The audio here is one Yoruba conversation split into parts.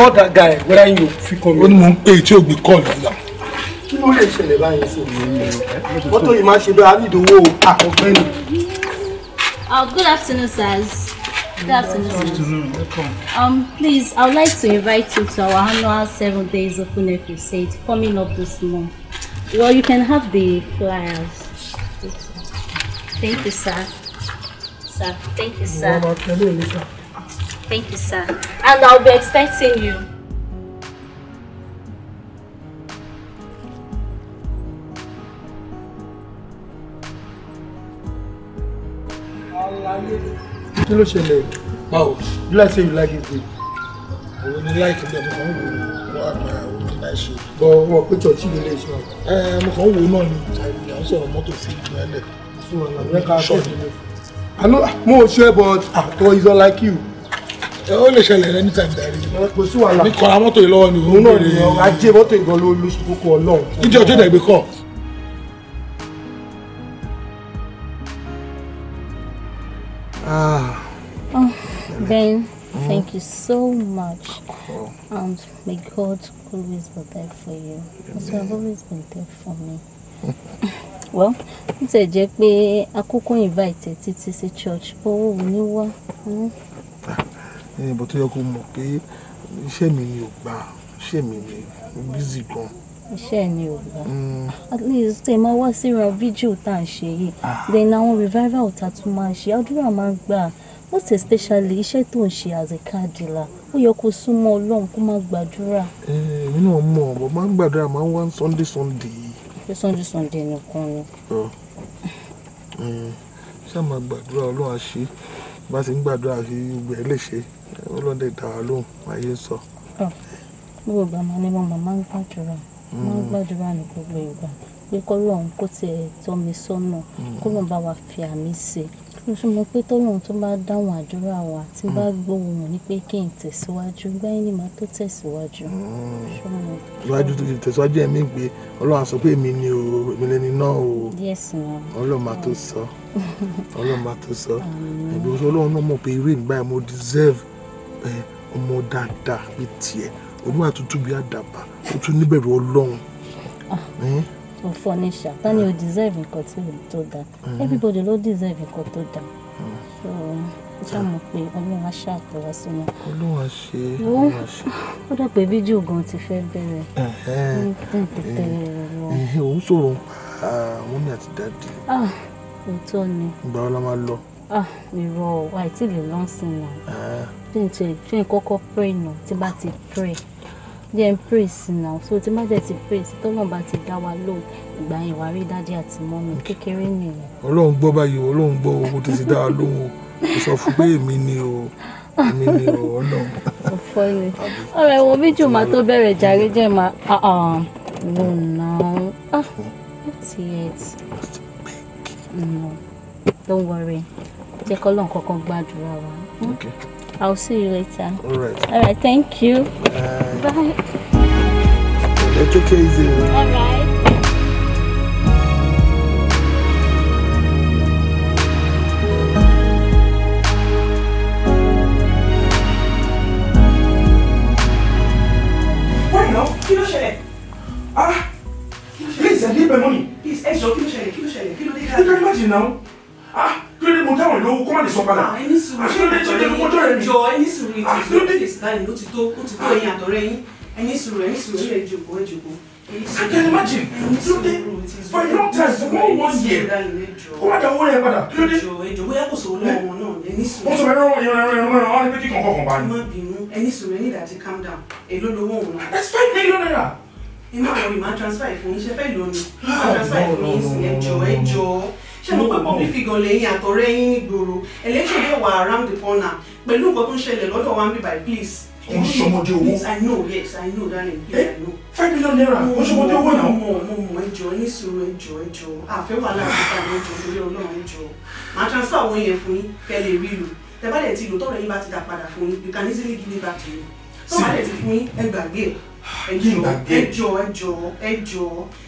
call that guy whether you fit come here. ó ní mò ń pè tí ò gbé call nígbà. kí ló lè ṣẹlẹ̀ báyìí sí i wọ́n yìí máa ṣe bẹ́ẹ̀ á ní ìdánwò àkọ́kọ́ ni. Oh, good afternoon, sirs. Good afternoon. Good afternoon. Welcome. Um, please, I would like to invite you to our annual seven days of Fune Crusade coming up this month. Well, you can have the flyers. Thank you, sir. Sir, thank you, sir. Thank you, sir. And I'll be expecting you. kí ló ṣẹlẹ̀ báwo you like say you like it good. òun ni láìkí bẹ́ẹ̀ mo kàn ń wò ó wà pa òun ní láì ṣe. bọ wọ pé chọọchì mi lè ṣe. ẹ mo kàn ń wò ó náà ni àìyàn ń sọ̀rọ̀ mọ́tò sí ìpínlẹ̀. sọ̀rọ̀ làwọn ẹ̀ka ṣọ́ọ̀dì mi. mo ṣe but àtọ̀ ah, is not like you ó lè ṣẹlẹ̀ rẹ ní tàbí dàrí. kò sí wàhálà mi kọ́ra mọ́tò yìí lọ́wọ́ ni òun náà ni ajé mọ́tò ìgbọ́n ló lu kókó ọlọ́run. ìjọ ọjọ́ ìdàgbé kọ́. Ah. Ben, thank you so much. And may God always be there for you. As you have always been there for me. well ó tẹ̀ jẹ́ pé akókó invite ẹ̀ títí sí church ó ò ní wá. Hmm ìbò eh, tó yẹ kó mọ̀ pé iṣẹ́ mi ni ò gbà iṣẹ́ mi ni bízì gan. iṣẹ́ ni ò gbà mm. at least tẹ̀ máa wá síra fídíò tá à ń ṣe yìí ah. then àwọn revival tá a tún máa ṣe àdúrà máa ń gbà most especially iṣẹ́ tó ń ṣe as a car dealer ó yẹ kó súnmọ́ ọlọ́run kó má gbàdúrà. Eh, èmi náà mọ̀ ọ́ máa ń gbàdúrà máa ń wá sunday sunday. pé sunday sunday nìkan ni. Oh. Eh, ṣé a máa gbàdúrà ọlọ́run á bá ti ń gbàdúrà sí gbogbo ẹ lè ṣe ọlọ́dẹ dá wa lóhùn máa ṣe ń sọ. gbogbo ìgbà máa ní mo máa ń gbàdúrà hmm. máa ń gbàdúrà ní gbogbo ìgbà pé kọ́lọ́run kó tiẹ̀ tọ́ mi sọ́nà hmm. kọ́lọ́run bá wa fi àmì ṣe Mo tún mọ̀ pé t'Ọlọ́run tó bá dáhùn àdúrà wa tí bá hmm. gbóhùn rẹ̀ ni pé kí n tẹ̀síwájú, ìgbà yẹn ni màá tó tẹ̀síwájú. Hmm. Tẹ̀síwájú tó ti tẹ̀síwájú ẹ̀ mí pé Ọlọ́run á sọ pé èmi ni o, èmi lẹni náà o. Yes ma. Ọlọ́run máa tó sọ. Ọlọ́run máa tó sọ. Ẹ̀gbọ́n sọ Ọlọ́run náà mọ̀ pé irú ìgbà yẹn mo deserve ọmọ dáadáa bíi tiẹ̀. Olúwa tuntun bíi àdàbà, ó níbẹ̀rù Ọlọ́run. Ah to furnish her, tani o deserve to tí o that. dáa mm-hmm. everybody ló deserve nǹkan tó dáa mm. so ṣá mọ̀ pé ọlọ́run á ṣàtọ̀ wá no, wọn. olúwa ṣe olúwa ṣe. ó dà pé fídíò gan Eh, eh. bẹ̀rẹ̀. òun when mọ́mí àti Ah, you ni. me. wo la máa lọ. ìrọ̀ ah, àìtí lè lọ́sìn náà. bí n tẹ̀ jẹ́ ìkọ́kọ́ pray náà tí bá ti pray jẹ́ n praise now so tí má jẹ́ ti praise tọ́lọ́n bá ti dá wa lóhùn ìgbà yẹn wàá rí dájú àti mọ́mi kékeré nìyẹn. ọlọ́run gbọ́ báyìí ọlọ́run gbọ́ owó tó ti dá wa lóhùn o kò sọ fún pé èmi ni o èmi ni o ọlọ́run. ọ̀fọ̀ ni ọ̀rọ̀ ẹ̀wọ̀n fídíò máa tó bẹ̀rẹ̀ jàre jẹ́ máa wò ah, ah. náà ah, not yet no don't worry jẹ́ kọ́lọ́n kankan gbàdúrà wa. Okay. I'll see you later. All right. All right. Thank you. Bye. Bye. That's okay, All right. Kí ló ṣẹlẹ̀? Ah! Please, I need my money. Please, Ezio. Kí ló ṣẹlẹ̀? Kí ló ṣẹlẹ̀? Kí ló You imagine now. Ah! kí mo dáwọn ìlówó kó má lè sọ padà àṣírí tó dé kó tó rẹ mi. jọ ẹni ó ti tó ó ti tó ẹ̀yin àtọ̀rẹ́ yín ẹni sùúrù ẹni sùúrù ẹ jòkó ẹ I can imagine kí for a long time for one one year kó má dáwọ́ yẹn padà kí ló dé. mo sọ fẹ́ rán ìran ìran ìran wọn ni pé kí kankan kan bá ní. ẹni sùúrù ẹni dàtí calm down èló lówó òun náà. that's five million naira inú àwọn ìmọ̀ transfer ìfún fẹ́ lónìí transfer ìfún ẹjọ́ ẹjọ́ ṣé mo pé public figure lẹ́yìn àtọ̀rẹ́ yín nígboro election dẹ̀ wà around the corner pẹ̀lú nǹkan tó ń ṣẹlẹ̀ lọ́dọ̀ wa ń bíbá please. kò ṣọmọdé owó. I know yes I know darling please eh, I know. five million naira kò ń ṣọmọdé owó náà. mo mọ mo mọ ẹjọ ní sùúrù ẹjọ ẹjọ àfẹ́ wà láàbùkà ẹjọ lórí ọlọ́run ẹjọ màá transfer àwọn yẹn fún yín kẹ́ lè rí lò tẹ́ bá dẹ̀ ti lò tọrọ yín bá ti dà padà fún yín you can easily give it back to me tọ́ bá dẹ̀ ti fún yín ẹ gbàgbé ẹjọ ẹjọ ẹjọ ẹjọ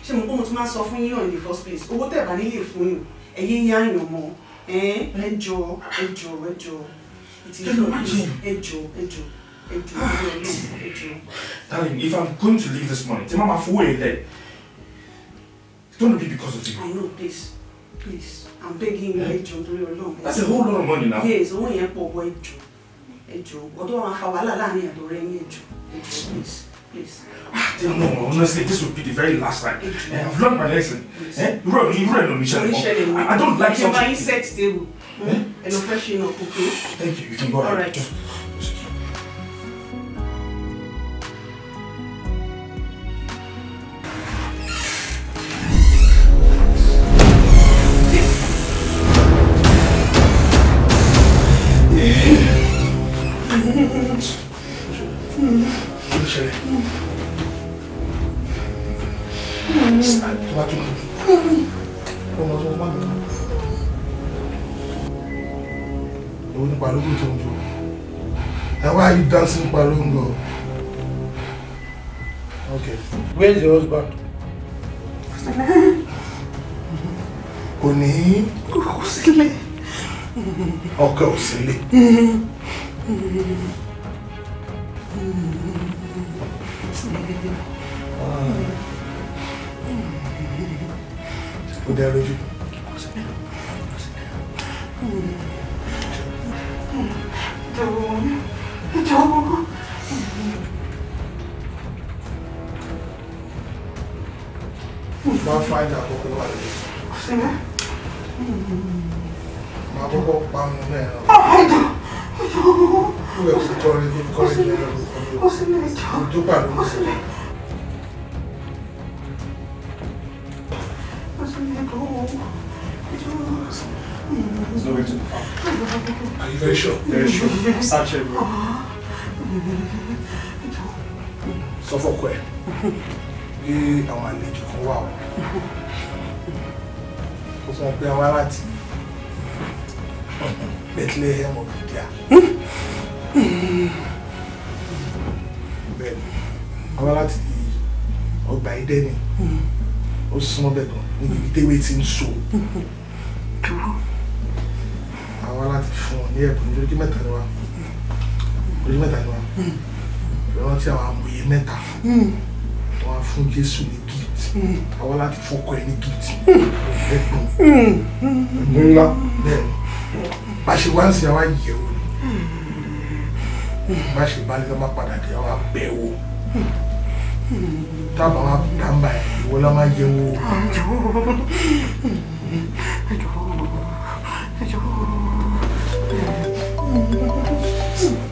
ṣé mo kó mo tún máa sọ fún yín on the first place owó tẹ́ bá nílé fún yín ẹ̀yin yá àyàn mọ́ ẹ jọ ẹ jọ ẹ jọ ẹ jọ ẹ jọ. Darling, if I'm going to leave this morning, tell Mama Fue that it's going be because of you. I know, please. Please. I'm begging you, Ejo, do your long. That's a whole lot of money now. Yes, owó yẹn pọ̀ wọ Ejo. Ejo. Ọ̀dọ̀ àwọn afawàlà láàrin àdó rẹ̀ ní Ejo. Ejo, please. Please. Ah, dear mom, honestly, this would be the very last time. Uh, I've learned my lesson. Eh? You run, run Michelle. Michelle, I, I don't like something. You might set table. Eh? And a fresh up, okay? Thank you. You can go ahead. All right. dancing palongo. Okay. Where's your husband? Kò ní. Kò sílé. Ọkọ ò sílé. Ó dá lójú. jọ̀ọ́. máa fa ìjà àkókò wà lẹ́yìn. máa kọ́kọ́ pa àwọn náà ẹ̀rọ. ọ̀hìnà ìwé kò tọ́ ní kọ́lẹ́jì ẹ̀rọ kò kọ́ ojú pàdé mi sí. There's no way to the farm. Are you very sure? Very sure. Search everywhere. Uh-huh sọ fọkọ ẹ pé àwọn àlejò kan wà o ó sọ pé àwọn aláàtì Bethlehem of Judea bẹ́ẹ̀ni àwọn aláàtì ọgbà idẹ ni ó súnmọ́ bẹ́ẹ̀ gan níbi tẹwé ti ń so àwọn aláàtì fún ọ ní ẹbùn ní lójú mẹ́ta ni wà orí mẹ́ta ni wọn lọ́wọ́ hmm. tí àwọn amòye mẹ́ta hmm. wọn fún Jésù ní gift àwọn hmm. láti fọkọ ẹ ní gift ẹ̀gbọ́n ńlá bẹ́ẹ̀ bá ṣe wá ń sin àwọn àyẹ̀wò ni bá ṣe bá ní má padà dé àwọn abẹ́wò tábà wa dàmbà ẹ̀ ìwọ la máa yẹ wo. Thank you.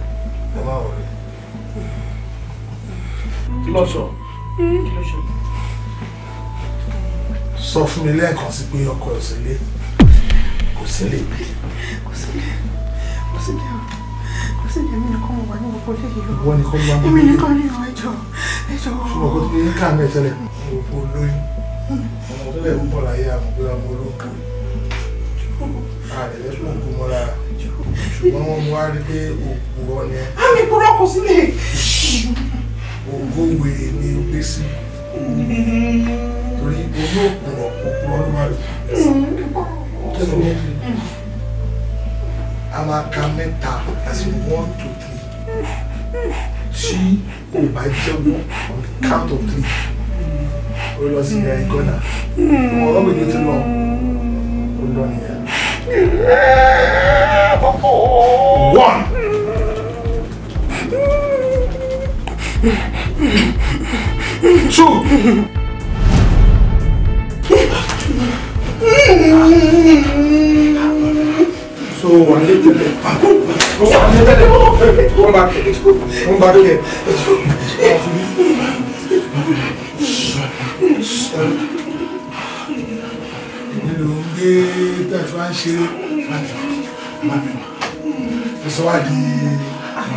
lọ́sọ̀ sọ fún mi lẹ́ẹ̀kan sí pé ọkọ ẹ̀ sílé kò sílé gbé. kò sílé kò sílé o kò sílé èmi nìkan mo wà ní gbogbo ilé yìí o ìwọ nìkan ló wà ní èmi nìkan ní ìwọ ẹjọ́ ẹjọ́ o. ṣùgbọ́n kò tí ń kà mí tẹ́lẹ̀ gbogbo olóyún hmm. ọmọ tó lẹ̀ ń bọ̀ láyé àmọ́gbé ọmọ olókùn àrẹ̀lẹ̀ fún ògùn mọ́ra ṣùgbọ́n wọ́n wá rí pé òkú ọ ni ẹ. àmì ìkúrọ́kù sílẹ̀ ògógbè ní gbèsè torí ojú òpùrọ̀ òpùrọ̀ ló máa lò kí ló ń bí a máa ka mẹ́ta àti one two three tí o bá jẹ́ wọ́n on the count of three o lọ sí ẹ̀yìn gọ́nà ọ̀rọ̀ mi ló ti lọ o lọ nìyẹn. one. Ṣó. So wà ní tẹ̀lé. Wà ní tẹ̀lé. Wọ́n bá kẹ̀. Wọ́n bá kẹ̀. Nínú gbé tẹ̀sí wá ń ṣe ẹ̀sọ́ wá di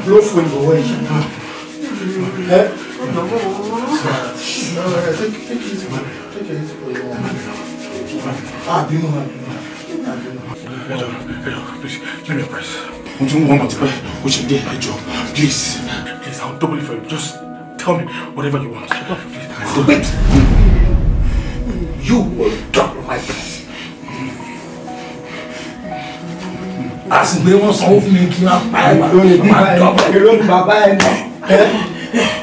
lófo ìbọ̀wọ́ yìí. No, no, no. Take it easy, man. Take it easy for your mom. Ah, bínú, man. Hello, hello, please, give me a price. Mo tún wọ́n mọ̀ tipẹ́, o ṣe dé ẹjọ́, please. Please, I'll double it for you. Just tell me whatever you want. Please. Wait! You will double my price. Àsìgbé wọn sanwó fún mi kí n máa pa ẹ̀ wá. Ìròyìn bàbá ẹ̀ ní.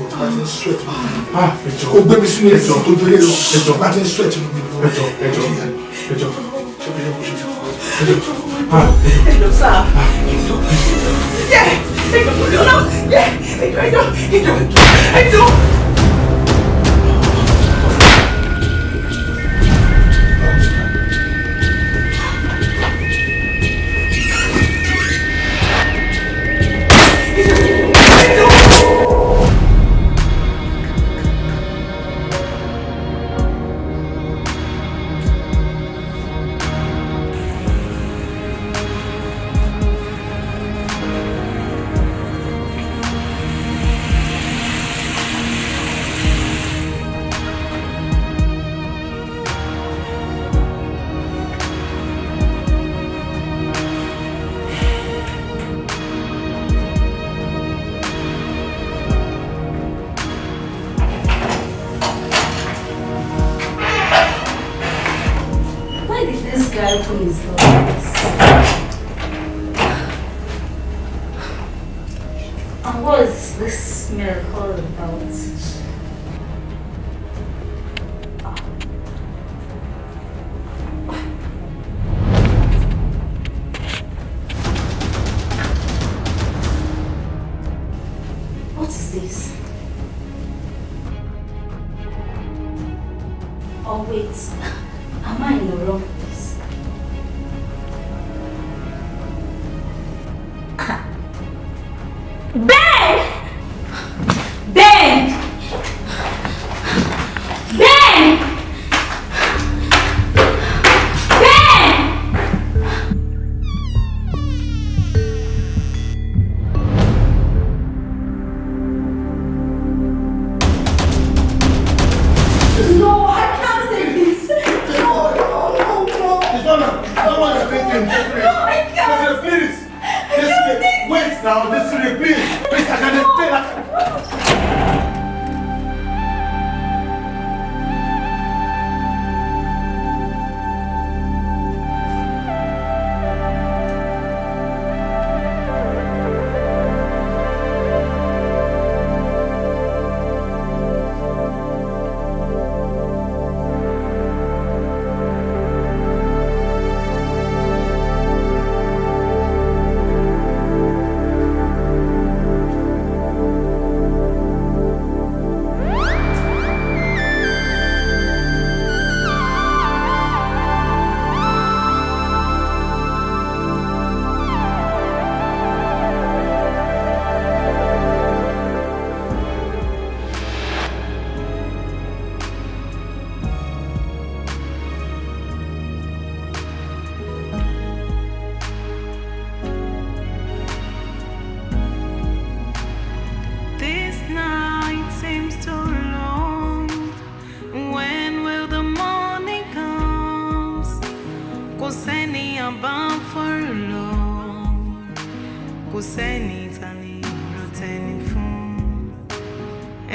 bá ti ń sweat mi. o ah, gbé mi sínú ẹjọ́ tó dúró lọ ẹjọ́ bá ti ń sweat mi. ẹjọ́ ẹjọ́ ẹjọ́ ẹjọ́ ah, sá ah, ẹjọ́ ẹjọ́ ẹjọ́ ẹjọ́ ẹjọ́ ẹjọ́ ẹjọ́ ẹjọ́. And what is this miracle about?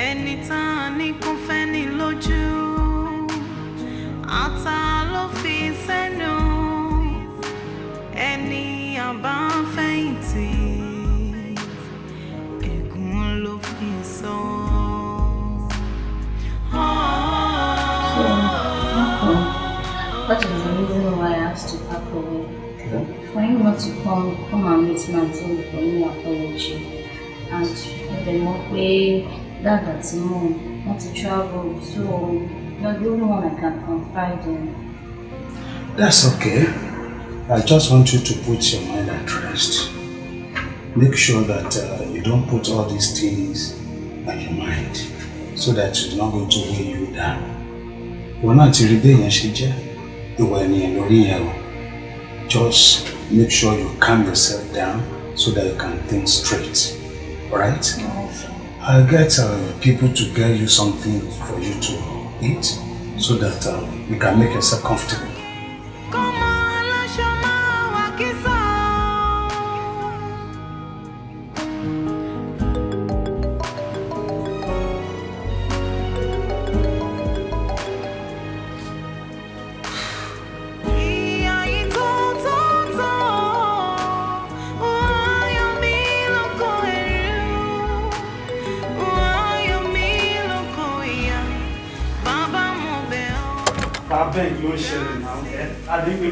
ẹni tá a ní kó fẹ́ ní lójú ata ló fi sẹ́nu ẹni àbáfẹ́yìntì ègún ló fi sọ. What is the reason why I asked to pack away? Yeah. For him not to come, come and meet me and tell me for me apology. And the more way Dad and Simone want to travel, so you're the only one I can confide in. That's okay. I just want you to put your mind at rest. Make sure that uh, you don't put all these things on your mind so that it's not going to weigh you down. Wọ́n náà ti rí béèyàn ṣe jẹ́ ìwà ènìyàn Just make sure you calm yourself down so that you can think straight, alright? Yeah. I'll get uh, people to get you something for you to eat so that uh, you can make yourself comfortable.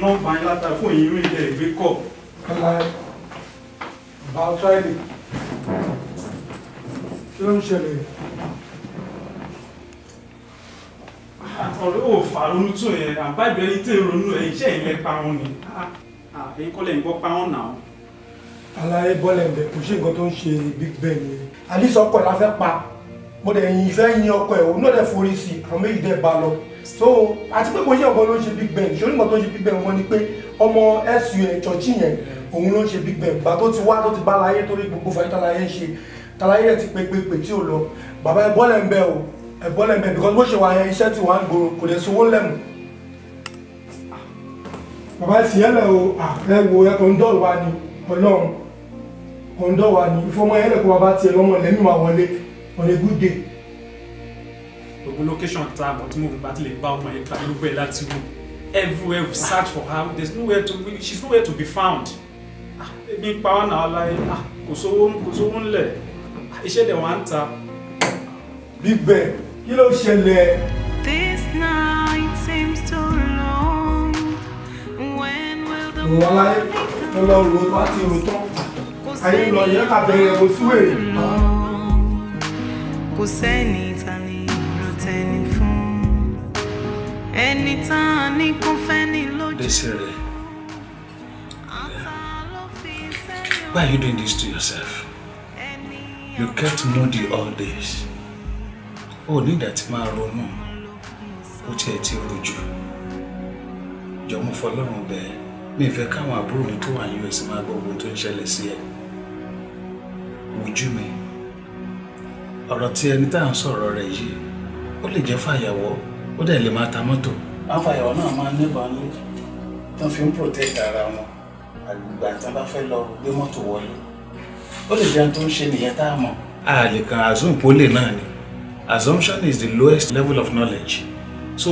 nọ́mbà yín látara fún èyí rìn tẹ̀ gbé kọ̀. bàtàìlì kí ló ń ṣẹlẹ̀? ọ̀rẹ́ ò fà ronú tó yẹn àbá ìbẹ̀rẹ̀ tẹ̀ ronú ẹ̀ iṣẹ́ ìlẹ̀ pa wọn ni. èyí ah, ah, kọ́lẹ̀ ń gbọ́ pa wọn náà. aláyé bọ́lẹ̀ ń bẹ̀ kò ṣe nǹkan big ben ni àlìsọ́kọ̀ la fẹ́ pa mo dẹ̀ yin ìfẹ́ yin ọkọ ẹ̀ òun náà dẹ̀ forí sí àwọn méjì dẹ̀ bá lọ so àti pé kò ṣe ọ̀gbọ́n ló ń ṣe big ben ṣé onímọ̀ tó ń ṣe big ben wọn ni pé ọmọ sun church yẹn òun ló ń ṣe big ben gbà tó ti wá tó ti bá láyé torí gbogbo fàyè tàlàyé ń ṣe tàlàyé ẹ̀ ti pé pé pé tí ò lọ bàbá ẹ bọ́lẹ̀ ń bẹ o ẹ bọ́lẹ̀ ń bẹ because bó ṣe wà yẹn iṣẹ́ tí wàá ń gbòòrò kò dẹ̀ sówó lẹ́mu bàbá ti yẹ́lẹ̀ o ẹ wo ẹ kò ń dọ̀rọ̀ wa ni ọlọ́run kò ń dọ̀rọ̀ wa ni ìfọmọ yẹ́lẹ̀ kó bàbá tiẹ̀ lọ́mọ lẹ́mìí wà wọlé on a good day. gbogbo location ta àmọ́ tí mo fi bàtí lè bá ọmọ yẹn ká ló láti wù everywhere we search for her there is nowhere to be she is nowhere to be found. Ah, ebi ń pa wọn náà láyé ah, kò sówó kò sówó ńlẹ̀ ah, iṣẹ́ dẹ̀ wá ń ta. bíbẹ̀ kí ló ṣẹlẹ̀. this night seems too long when will the world be through. mo lọ ro bá ti ro tán ayé lọ yẹ ká bẹ̀rẹ̀ mo súwèrè kò sẹ́ni ìtàlẹ́ ló tẹ́ni fún ẹni tá a ní fẹ́ ní lójú. why are you doing this to yourself? You kept moody all days. O ní ìdá tí máa ronú, ó tiẹ̀ ti rojú. Jọ̀mú fọlọ́run bẹ́ẹ̀, mi fẹ́ káwọn àbúrò mi tó wà ní US máa gbọ́ ohun tó ń ṣẹlẹ̀ sí ẹ. Wojú mi ọ̀rọ̀ tí ẹni tá à ń sọ̀rọ̀ rẹ̀ yìí ó lè jẹ́ fàyàwọ́ ó dẹ̀ lè máa ta mọ́tò. afàyàwọ́ náà máa ń níbọn ní tán fi ń protect ara wọn àgbà tán bá fẹ́ lọ gbé mọ́tò wọlé ó lè jẹ́ tó ń ṣe nìyẹn tá a mọ̀. a kan assume náà ni assumption is the lowest level of knowledge so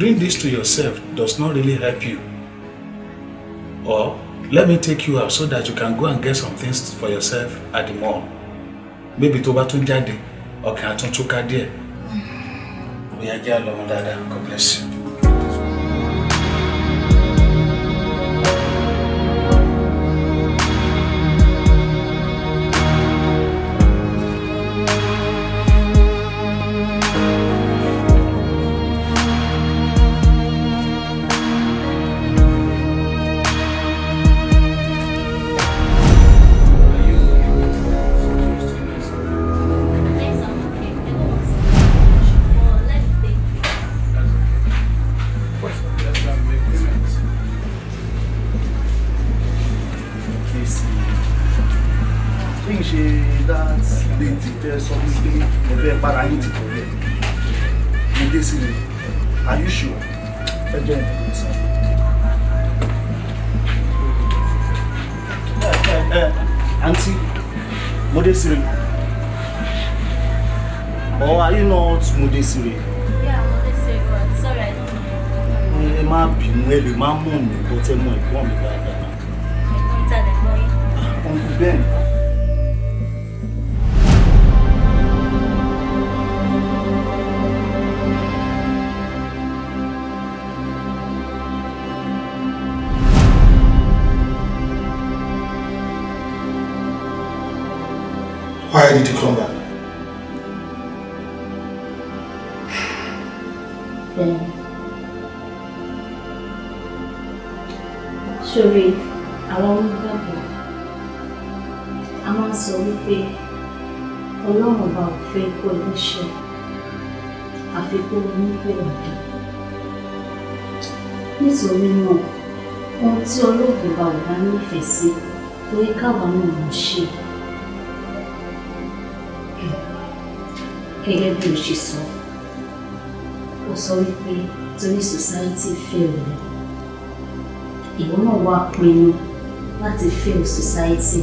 doing this to yourself does not really help you or let me take you out so that you can go and get some things for yourself at the mall bébí tó bá tún jáde ọkàn àtúntúká díẹ̀. bóyá jẹ́ àlọ́mọ dáadáa God bless you. bára yín ti tẹ̀lé mo dé sí are you sure ẹ jẹ́ ìdílé sọ. àǹtí mo dé sí ni or are you not Modesire? Yeah, Modesire, but it's alright. Ẹ má bínú ẹ lè má mú mi bọ́tẹ́ mọ́ ẹ̀gbọ́n mi dáadáa. Ẹ̀gbọ́n ìtàlẹ̀ mọ́ Why did you come back? Ṣòrí àwọn onígbàgbọ́ a máa ń sọ wípé Ọlọ́run ọba ò fẹ́ kó ẹlẹ́ṣẹ̀ àfikún onípèwàdà. Nítorí náà, ohun tí olóògùn bá ò bá nífẹ̀ẹ́ sí, torí káwa náà ń ṣe. gẹ́gẹ́ bí o ṣe sọ o sọ wípé torí society fail rẹ ìwọ náà wá pinnu láti fail society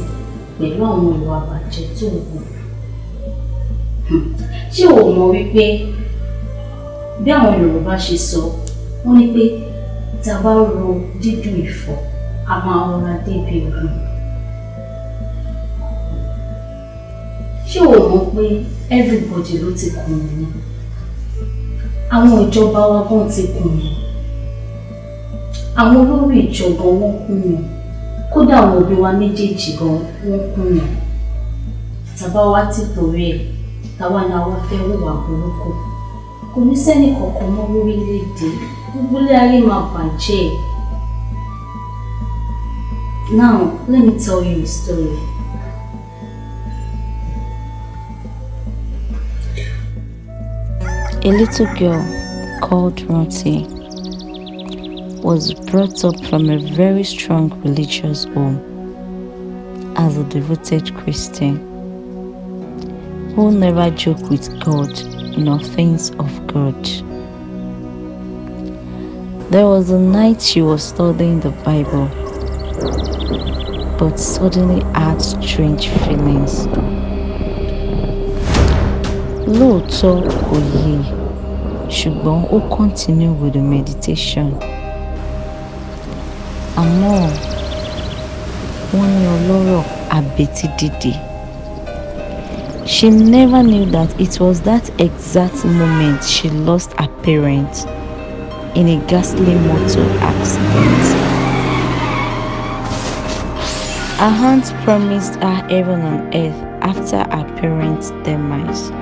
pẹ̀lú àwọn ìwà àbàjẹ́ tó ń wù hmm. ṣé o mọ̀ wípé bí àwọn Yorùbá ṣe sọ wọ́n ní pé tá a bá ro dídùn ìfọ̀ a máa ṣé o mọ̀ pé everybody ló ti kùn mí àwọn ìjọba wa gan ti kùn mí àwọn olórí ìjọba wọn kùn mí kódà àwọn òbí wa méjèèjì gan wọn kùn mí tàbá wa ti torí ẹ̀ táwa náà wá fẹ́ hùwà burúkú kò ní sẹ́ni kankan mọ́ lórílẹ̀‐èdè gbogbo ayé máa bàjẹ́ now let me tell you a story. A little girl called Ruthie was brought up from a very strong religious home as a devoted Christian who never joked with God nor things of God. There was a night she was studying the Bible but suddenly had strange feelings. Lóòótọ́ kò yé e ṣùgbọ́n ó continue with the meditation àmọ́ wọ́n ní ọlọ́rọ̀ àbètí dìde she never knew that it was that exact moment she lost her parent in a ghastly motor accident. Her aunt promised her heaven on earth after her parents' demise.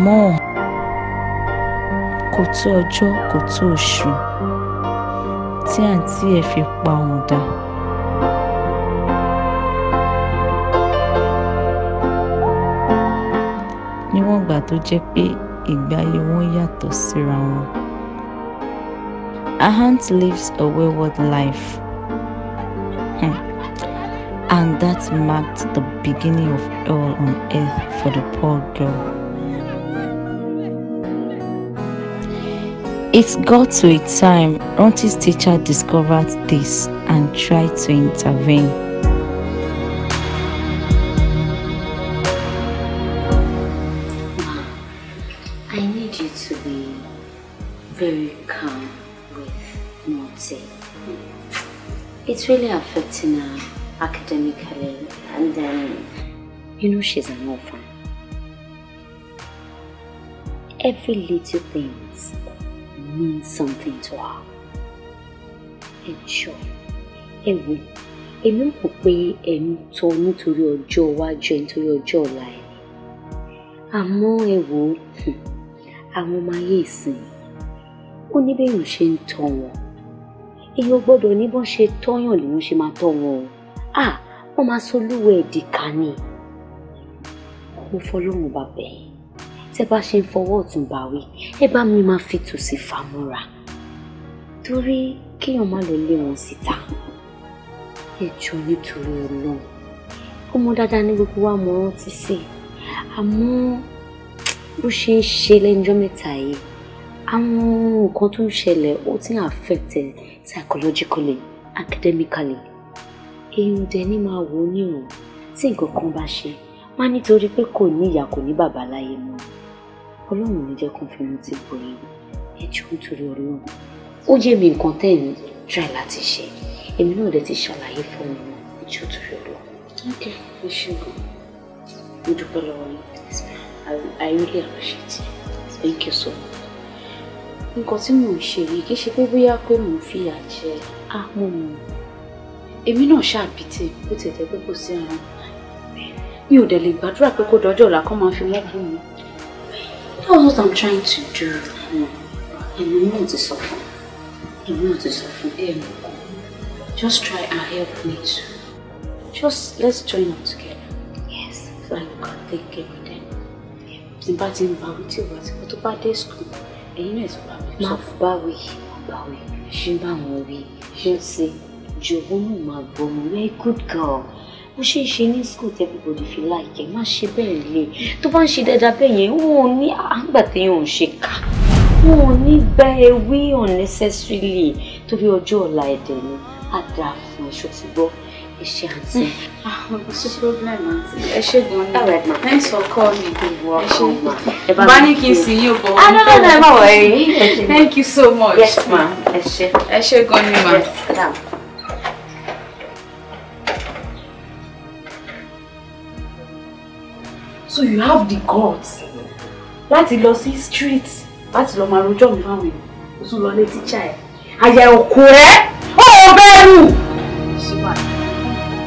àmọ́ kò tó ọjọ́ kò tó oṣù tí àǹtí ẹ̀ fi pa òun dà. níwọ̀n ìgbà tó jẹ́ pé ìgbé ayé wọn yàtọ̀ síra wọn. Ahant lives a wayward life. Hmm. And that marked the beginning of all on earth for the poor girl. It got to a time Ronti's teacher discovered this and tried to intervene. I need you to be very calm with Monty. It's really affecting her academically and then, you know, she's an orphan. Every little thing means something to her. ẹ jọ ẹ wò èmi ò kò pé ẹ ń tọ nítorí ọjọ́ iwájú ẹ nítorí ọjọ́ ọ̀la ẹ àmọ́ ẹ wò àwọn ọmọ ayé ìsìn ó ní bẹ́ẹ̀ ṣe ń tọ́ wọn èyí ò gbọ́dọ̀ ní bọ́n ṣe tọ́yàn lèyàn ṣe máa tọ́ wọn o à wọ́n máa sọ olúwẹ̀ẹ́dì kan ni mo fọlọ́run bàbá yìí tẹ́ bá ṣe ń fọwọ́ ọ̀tún bá wí ẹ bá mi máa fi tòsí fàmúra torí kéèyàn má lọ lé wọn síta ẹ jọ nítorí Ọlọ́run ọmọ dáadáa ní gbogbo wa mo rántí sí i bó ṣe ń ṣe lẹ́jọ́ mẹ́ta yìí àwọn nǹkan tó ń ṣẹlẹ̀ ó ti ń affect psychologically academically èèyàn dẹ̀ ní máa wò ó níwọ̀n tí nǹkan kan bá ṣe má nítorí pé kò ní ìyá kò ní bàbá láyé mọ́ ọlọ́run ní jẹ́ kó fi mú ti bọ̀ yín ẹ nítorí ọlọ́run ó jẹ́ mi nǹkan tẹ́ ń try láti ṣe èmi náà dẹ̀ ti ṣàlàyé fún mi náà ẹ nítorí ọlọ́run. ok ẹ ṣe mo dúpẹ́ lọ́wọ́ yín I really appreciate it thank you so much. nǹkan tí mò ń ṣe yìí kì í ṣe pé bóyá pé mò ń fìyà jẹ àmọ́ mò èmi náà ṣàbí tí bó ti tẹ pé kò sí àrùn mi ò dẹ̀ lè gbàdúrà pé kó dọjọ́ ọ̀la kó máa fi wọ́n bú mi. That's what I'm trying to do. Èmi náà to suffer. fún. Èmi to suffer sọ Just try and help me too. Just let's join up together. Yes. So I can take care of them. Tí n bá ti but bá wí tí o bá ti kó tó bá dé school, ẹ̀yin náà ti bá mi sọ. Má bá wí, bá wí. Ṣé bá wọn wí? Ṣé ṣe? a good girl ó ṣe é ṣe ní school tí everybody fi láìkẹ́ má ṣe bẹ́ẹ̀ lé tó bá ń ṣe dáadáa bẹ́ẹ̀ yẹn wọn ò ní àgbà téèyàn ò ṣe kà wọn ò ní bá ẹ wí unnecessarily torí ọjọ́ ọ̀la ẹ̀dẹ̀ ni á dáa fún ẹ ṣó ti gbọ́ ẹ ṣe àǹtí. Ah, kò sí problem àǹtí ẹ ṣe gan ni thanks for calling gbogbo ọkọ ma ẹ bá ní kí n sì yín bọ̀ ọ́n tó wọ́n thank you so much yes ma ẹ ṣe ẹ ṣe gan ni ma. so you have the guts láti lọ sí street láti lọ máa rojọ́ mi fáwọn èèyàn o tún lọ lé tíṣà ẹ̀ àyà òkú rẹ̀ ó bẹ̀rù.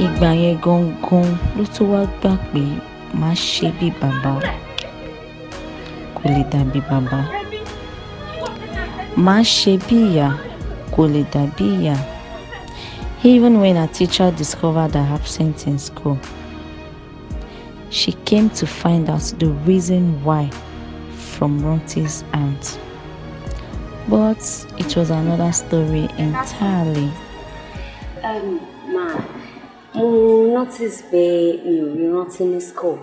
ìgbà yẹn gangan ló tó wá gbà pé má ṣe bí bàbá kò lè dàbí bàbá má ṣe bí ìyá kò lè dàbí ìyá even when her teacher discovered her absence in school. She came to find out the reason why from Ronti's aunt. But it was another story entirely. Um, ma, mo notice pé mi not in Rántí school.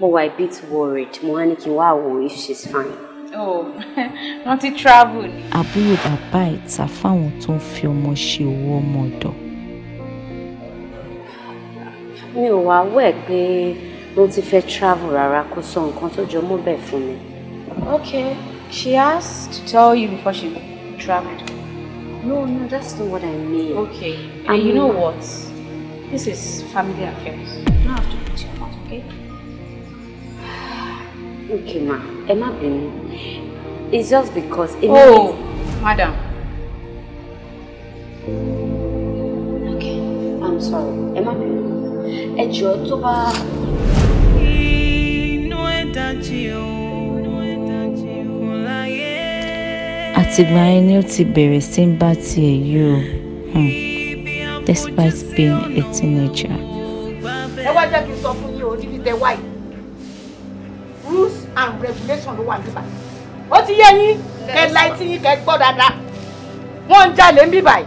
Mo wà a bit worried. Mo wá if she's fine. Oh, Rántí travel ni. Àbúrò bàbá ẹ̀ ta to tó ń fi ọmọ ṣe owó ọmọ ọ̀dọ̀. Mi ló ti fẹ́ travel rárá kó sọ nǹkan tó jọ mọ́ bẹ́ẹ̀ fún mi. okay she asked to tell you before she traveled. no no that's not what i mean. okay and I you know what this is family affairs you don't have to put your mouth okay. okay ma ẹ má bínú it's just because. oh madam. okay i'm sorry ẹ má bínú ẹ jọ̀ọ́ tó bá àtìgbà yẹn ni ó ti bẹ̀rẹ̀ sí ń bá tiẹ̀ yí o hmm. despite being a teenager. ẹ wá jẹ́ kí n sọ fún yín o níbi tẹ wáyé rules and regulations ló wà níbà ó ti yé yín kẹ la etí yín kẹ gbọ́ dáadáa wọ́n ń jalè ń bí báyìí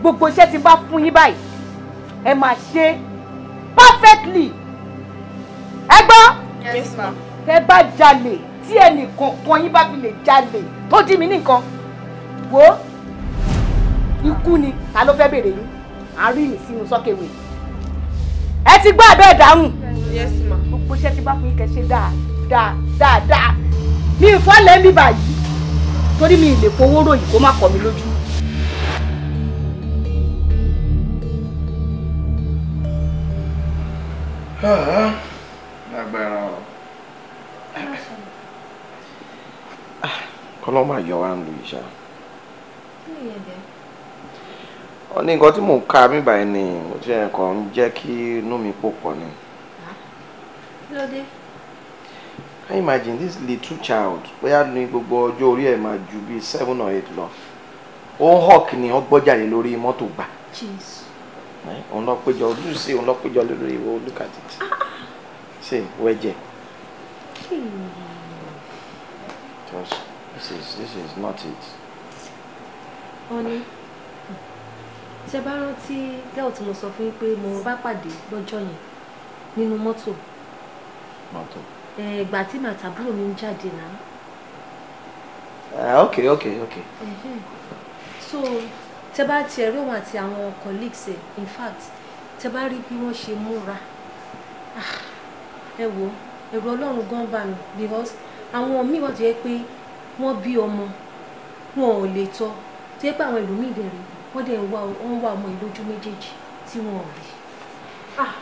gbogbo iṣẹ́ tí bá fún yín báyìí ẹ máa ṣe perfectly ẹ gbọ́ tẹ bá jalè tí ẹnìkan kan yín bá fi lè jalè tó jí mi nìkan wo ikú ni ta ló fẹ́ bèrè yín à ń rí mi sínú sọ́kèwé ẹ ti gbọ́ àbẹ́ ìdáhùn gbogbo iṣẹ́ tí bá fún yín kẹ́ ṣe dáadáa dáadáa mi ìfọ́lẹ̀ mi báyìí torí mi ìlè fowó ròyìn kó má kọ́ mi lójú. lágbára Ah, kọ́lọ́ máa yọ wá ń lu ìṣá. ó ní nǹkan tí mò ń ka mí báyìí ni mo ti ẹ̀kọ́ ń jẹ́ kí inú mi pò pọ̀ ni. Ah, can you imagine this little child bóyá ní gbogbo ọjọ́ orí ẹ̀ máa ju bíi seven or eight lọ ó ń hawk ni ó gbọ́jáde lórí mọ́tò gbà. òun lọ péjọ ojúṣe òun lọ péjọ lórí ìwọ olùkàtìtì. Ah, ṣe wẹ́jẹ̀. Josh, this is this is not it. Honey, ṣe bá rántí girl tí mo sọ fún pé mo bá pàdé lọ́jọ́ yẹn nínú mọ́tò. Mọ́tò. Ìgbà tí màá tàbúrò mi ń jáde náà. Uh, okay, okay, okay. Uh-huh. So, tẹ bá tiẹ̀ rí òun àti àwọn colleagues in fact tẹ bá rí bí wọ́n ṣe múra ah, ẹ wò ẹ̀rù ọlọ́run gan bà mí because àwọn míì wà tó yẹ pé wọ́n bí ọmọ wọn ò lè tọ́ tó yẹ pé àwọn ìlú míì dẹ̀rẹ̀ wọ́n dẹ̀ ń wá ọmọ ìlójú méjèèjì tí wọ́n rí. Ah!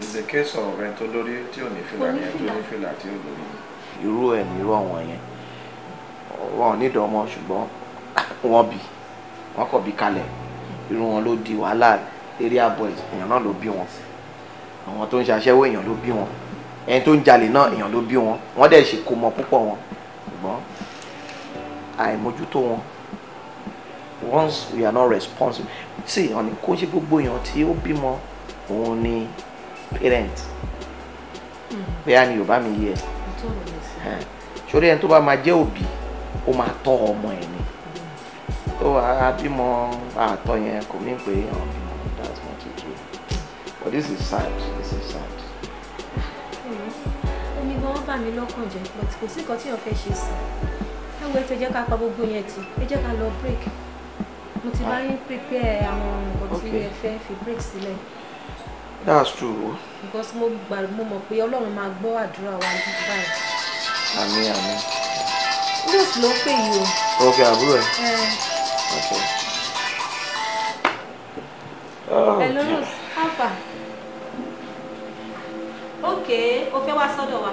it's a case of ọ̀rẹ́ tó lórí tí ò ní fìlà ní ẹni tó ní fìlà tí ò lórí. irú ẹ̀ ní irú àwọn yẹn wọn ò nídìí ọmọ ṣùgbọ́n wọ́n bí wọ́n kọ̀ bí kalẹ̀ irú wọn ló di wàhálà area boys èèyàn náà ló bí wọn àwọn tó ń ṣe aṣẹ́wó èèyàn ló bí wọn ẹni tó ń jalè náà èèyàn ló bí wọn wọ́n dẹ̀ ṣe kó mọ púpọ̀ wọn ṣùgbọ́n àìmójútó wọn once we are not responsible see ọ̀nì kó ṣe gbogbo èèyàn tí ó bímọ òun ni parent bẹ́ẹ̀ ni yorùbá mi yé ẹ sórí ẹni tó bá máa jẹ́ òbí ó máa tọ́ ọmọ ẹ̀ ni tó àbímọ àtọ̀ yẹn kò ní pé ọ̀bí that's not it but this is sad this is sad bà mí lọ́kàn jẹ́ but kò sí nǹkan tí èèyàn fẹ́ ṣe sí ẹ wo ètò ẹ jẹ́ ká pa gbogbo yẹn tì ẹ jẹ́ ká lọ break mo ti bá yín prepare àwọn nǹkan tí ẹ fẹ́ fi break sílẹ̀. that's true. because mo gbà mo mọ̀ pé ọlọ́run máa gbọ́ àdúrà wa báyìí. àmín àmín. news ló pè yìí o. ok àbúrò ẹ. ok. hello Rose how far. ok o fẹ́ wá sọ́dọ̀ wa.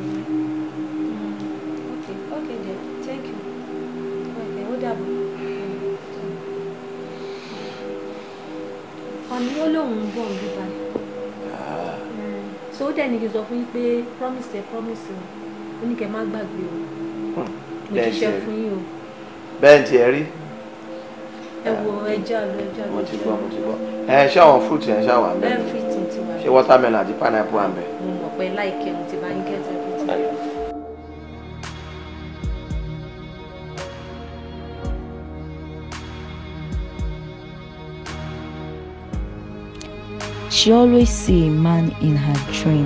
dẹ̀ ní kí n sọ fún yín pé promise ẹ promise o ó ní kẹ́ má gbàgbé o hmm, mo ṣiṣẹ́ fún yín o. bẹ́ẹ̀ ti ẹ rí. ẹ wo ẹja lọ ẹja lọ. mo ti gbọ́ mo ti gbọ́ ẹ ṣé àwọn fruit yẹn ṣáà wà ń bẹ̀. ṣé watermelon àti pineapple wà ń bẹ̀. mo láìkẹ́ mo ti bá ń gẹ̀ She always see a man in her dream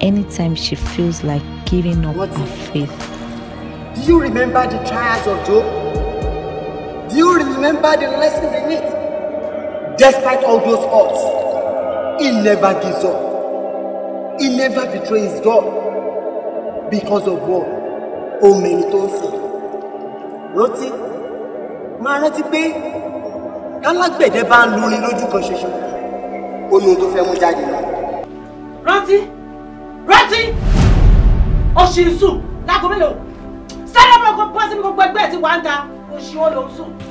anytime she feels like giving up what? her faith. Do you remember the trials of Job? Do you remember the lessons in it? Despite all those odds, he never gives up. He never betrays God because of what? Omeni tó ń sìn. Rántí, máa rántí pé kálágbẹ̀dẹ bá ń lórí lójú kan ó ní ohun tó fẹ́ mú jáde lọ. rántí rántí oṣù sùn lágbo mélòó sáré ọmọ ọkọ bọ́sí mi gbogbo ẹgbẹ́ ti wá ń ta oṣù ó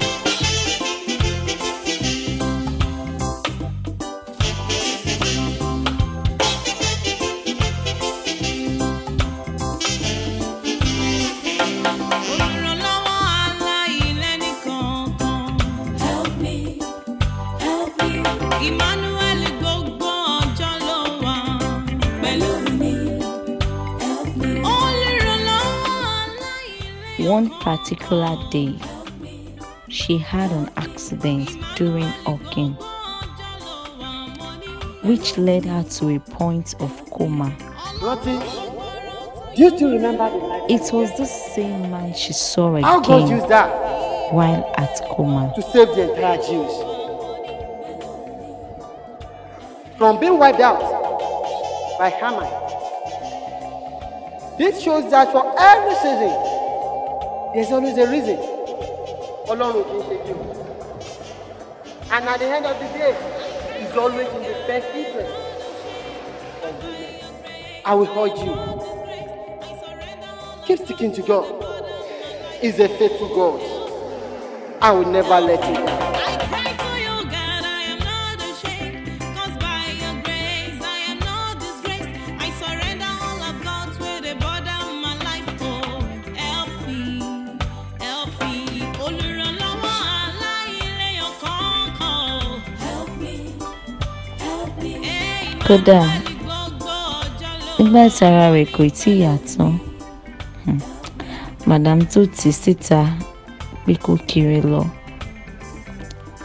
One particular day, she had an accident during walking, which led her to a point of coma. Do you still remember It was the same man she saw again. How God that? While at coma. To save the entire Jews. From being wiped out by Haman. This shows that for every season, There's always a reason. Ọlọ́run kì í ṣe kí o. And at the end of the day, it's always in the best interest I will hold you. Keep sticking to God. He's a faithful God. I will never let you go. kódà nígbà tí ara rẹ̀ kò tí ì yá tán hmm, madam tó tì í síta pé kó kiri lọ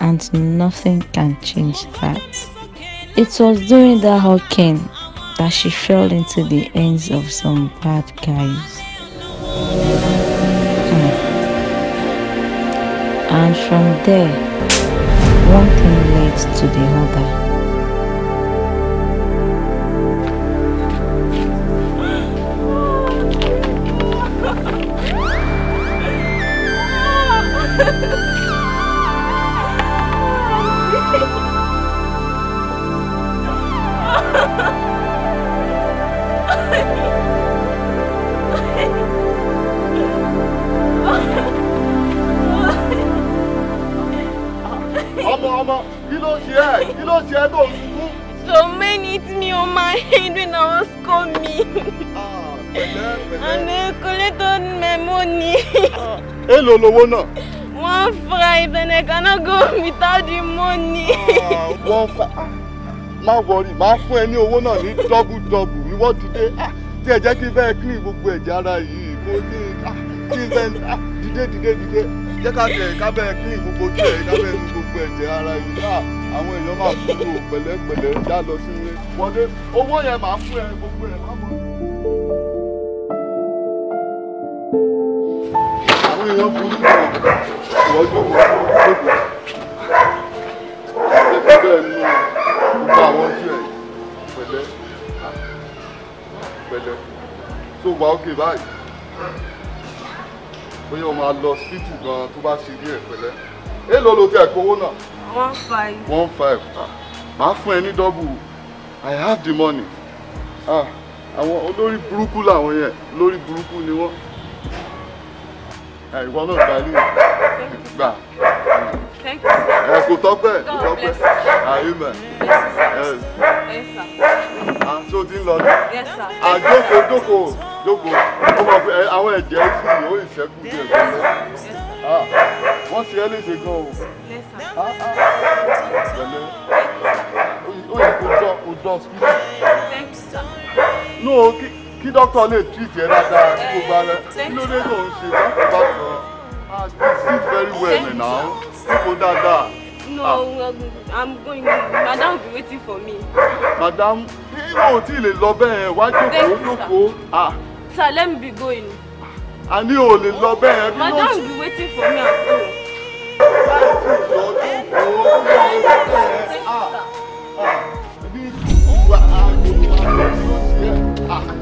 and nothing can change that. It was during that hurricane that she fell into the hands of some bad guys. Hmm. And from there, one thing led to the other. èlò lówó náà. one five and I cannot go without the money. Ah, one five ah, má wọrí má fún ẹ ní owó náà ní dọ́bù dọ́bù ìwọ dìde ah, tí ẹ jẹ́ kí n fẹ́ clean gbogbo ẹ̀jẹ̀ ara yìí kó ní kí n fẹ́ dìde dìde dìde jẹ́ ká tẹ̀ ká bẹ́ẹ̀ clean gbogbo ojú ẹ̀ ká bẹ́ẹ̀ nu gbogbo ẹ̀jẹ̀ ara yìí àwọn èèyàn máa kúrò pẹ̀lẹ́pẹ̀lẹ́ já lọ sílé wọlé owó yẹn máa fún ẹ gbogbo. àwọn èèyàn burú i have the money ah àwọn olórí burúkú làwọn yẹn olórí burúkú ni wọ́n ìwọ náà gba ilé gbà ẹ kò tọ́pẹ́ kò tọ́pẹ́ àyùmẹ à tó ti ń lọ ní àjókòó ah, jókòó jókòó ó mọ pé àwọn ẹ̀jẹ̀ sì ó ìṣẹ́kù díẹ̀ tó lọ ah, wọ́n ti ẹ́ léṣe gan o ah, pẹ̀lẹ́ ó yẹ kó dán speed. no kí kí dókítà lè treat ẹ dáadáa kó bá rẹ kí ló dé tó ń ṣe bákan bákan ah you sleep very well now kó dáadáa. no i'm going madam be waiting for me. madam ìwọ ò tí ì lè lọ bẹ́ẹ̀ wá jókòó jókòó ah. sir let me be going. a ní o lè lọ bẹ́ẹ̀ bí madam be waiting for me at home. láti lọ́dún kó o lọ bẹ́ẹ̀ ah ah bí wàá ní wàá lọ sí ẹ ah.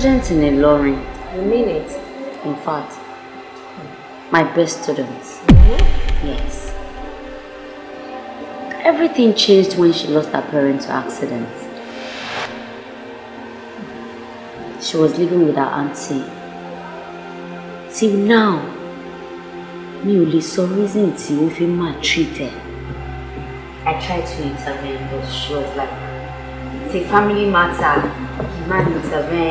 student in Ilorin. You mean it? In fact, my best student. Mm -hmm. Yes. Everything changed when she lost her parents to accident. She was living with her auntie. Till now, me only saw sọ reason tí ó fi maltreat her. I tried to intervene, but she was like, it's a family matter kì má lè tẹ̀lé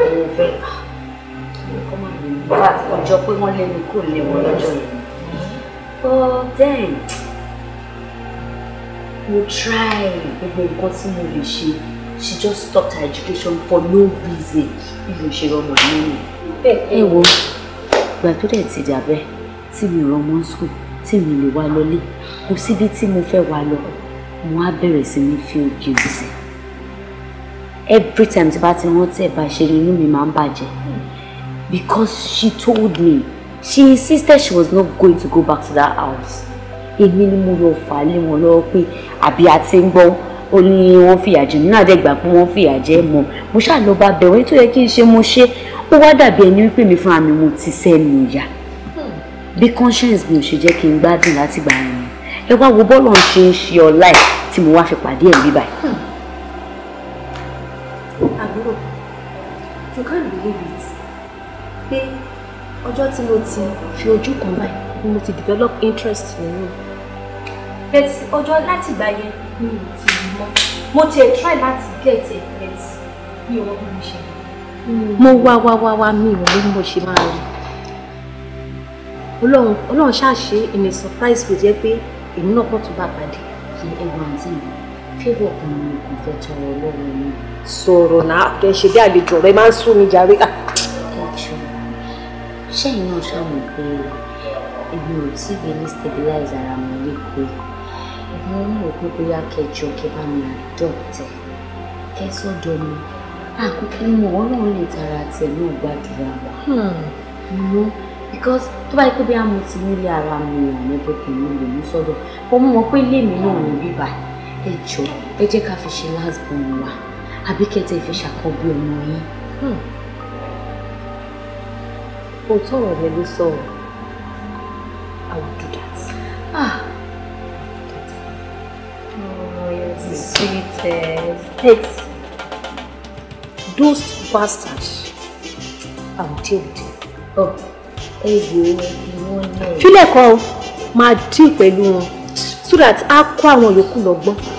ẹ̀ fẹ́ ọjọ́ pé wọ́n lé mi kò lé but then mo try gbogbo nǹkan tí mo she just stopped her education for no reason bí mo ṣe rọmọ nínú. hey, wo ìgbà tó dẹ̀ ti dà bẹ́ẹ̀ tí mi rọmọ school tí mi lè wá lọlé kò síbi tí mo fẹ́ wá lọ mo á bẹ̀rẹ̀ sí ní feel guilty every time tí bá ti rántí ẹ̀ bá ṣe ni inú mi máa ń bàjẹ́ because she told me she insisted she was not going to go back to that house èmi ni mo lọ fà á lé wọn lọ́wọ́ pé àbí a ti ń gbọ́ ó ní wọ́n fìyà jẹ mí náà pé wọ́n fìyà jẹ mọ́ mo ṣáà lọ bá bẹ̀wẹ̀ tó kí n ṣe mo ṣe ó wá dàbí ẹni wípé mi fúnra mi mo ti sẹ́nu ìyá bí conscience mi ò ṣe jẹ́ kí n gbádùn láti gbà yẹn ẹ wá wo bọ́ọ̀lù ṣe ń ṣe ọ̀la ẹ̀ tí mo wá fi pàdé ẹ̀ bíbáyìí. you can't believe it pé ọjọ́ tí mo ti fi ojú kan báyìí ni mo ti develop interest nínú but ọjọ́ láti ìgbà yẹn mi ò ti rí mọ́ mo ti try láti get it but mi ò wọ́n mi ṣe. Hmm. mo wá wá wá wá mi ò rí mo ṣe máa rí ọlọ́run ṣáà ṣe in a surprise kò jẹ́ pé èmi náà kàn tún bá pàdé ẹ̀gbọ́n àǹtí mi favour kan ni kò fẹ́ tọrọ lọ́wọ́ mi. sọ̀rọ̀ náà kẹ́ ṣe bí àlejò rẹ máa ń sún mi jàre. ṣẹ́yìn ah! náà ṣàmù pé èmi ò tí ì ní stabilize ara mi lẹ́kọ̀ọ́ mo ń rò pé bóyá kẹjọ kẹ bá mi adopt ẹ kẹsọdọ mi àkókò mọ Ọlọ́run lè tara tiẹ̀ náà gbàdúrà wa hmm. you know because tó bá yẹ pé bí a mo ti nílé ara mi ò ní pé kì í lè mú sọ́dọ̀ mo mọ̀ pé ilé náà ní bíbá yìí ẹ jọ ẹ jẹ́ ká fi ṣe last born wa àbí kẹtẹ ìfẹ́ ṣàkọ́bí ọmọ yín. Hmm. òótọ́ ọ̀rọ̀ rẹ ló sọ ọ́ I will do that. Ah. Oh, you're the sweetest. ex, Those bastards. I will deal with you. Oh, ẹ wo ẹbí wọn náà. Fílẹ̀ kan máa dín pẹ̀lú wọn so that á kó àwọn yòókù lọ́gbọ́n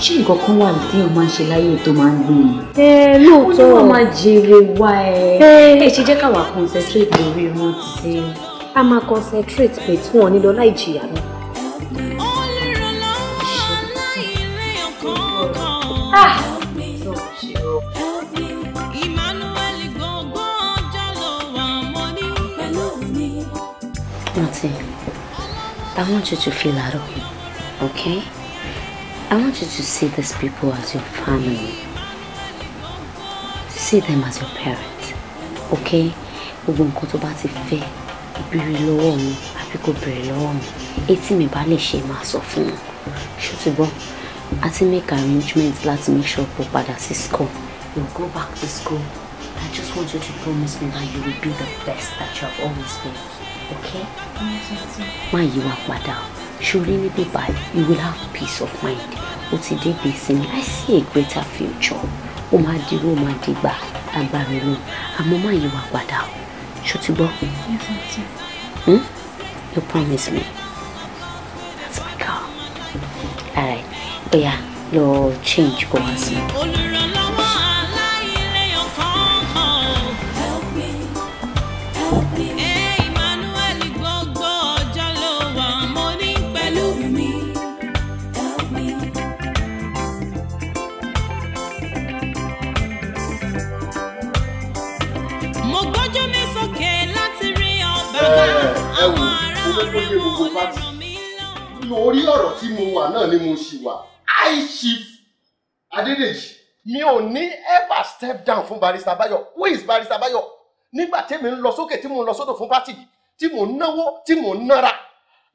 ṣé nǹkan kan wà téèyàn máa ń ṣe láyé tó máa ń gbé ni. ẹ lóòótọ́ wọn máa jèrè wá ẹ ẹ ṣe jẹ́ káwa concentrate lórí wọn ti ṣe. a máa concentrate pé tí wọn ò ní lọ láì jìyà náà. Ah! Nothing. I want you to feel at home, okay? I want you to see these people as your family. See them as your parents. Okay? Gbogbo nǹkan tó bá ti fẹ́ ìbéèrè lọ́wọ́ mi àbí kò béèrè lọ́wọ́ mi. Etí mi bá lè ṣe máa sọ fún wọn. Ṣùtúbọ̀, a ti make arrangement láti make sure kó padà sí school. You go back to school. I just want you to promise me that you will be the best that you have always been. Okay? Má yí padà o ṣorí níbí báyìí you will have peace of mind ó ti débi ìsinmi I see a greater future ó máa dirú ó máa dìgbà agbára ló àmọ́ má yíwà padà o ṣó ti gbọ́. Hmm? you promise me that's my car. all right oya lọ change go and see. ò ní ever step down fún barista Bayo. who is barista Bayo? nígbà tèmi ń lọ sókè tí mo ń lọ sódò fún pátì tí mo ń náwó tí mo ń nára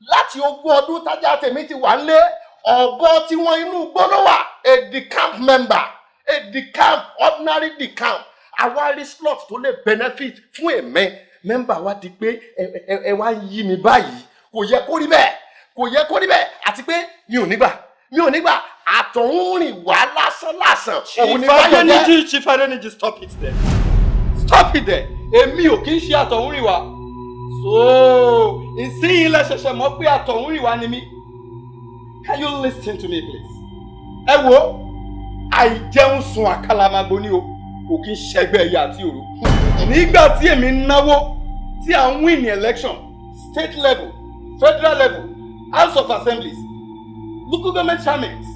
láti ogún ọdún tájà tèmi ti wà lé ọ̀bọ tí wọ́n inú gbọ́dọ̀ a the camp member a the camp ordinary the camp àwa rí slot tó lè benefit fún èmi mẹ́mbà wa di pé ẹ wá ń yí mi báyìí kò yẹ kó rí bẹ́ẹ̀ kò yẹ kó rí bẹ́ẹ̀ àti pé mi ò nígbà mi ò nígbà àtọ̀hún rìn wá lásán lásán. òun ni báyọ̀ jẹ́ chief adeniji stop it there stop it there èmi ò kí ń ṣe àtọ̀hún wá so ìsinyìí lẹ ṣẹ̀ṣẹ̀ mọ̀ pé àtọ̀hún wá ni mí can you listen to me please. ẹ wo àìjẹun sun àkàlà máa o kò kí ń ṣẹgbẹ́ ẹ̀yà àti òru. nígbà tí èmi ń náwó tí à ń win election state level federal level house of assemblies local government chairman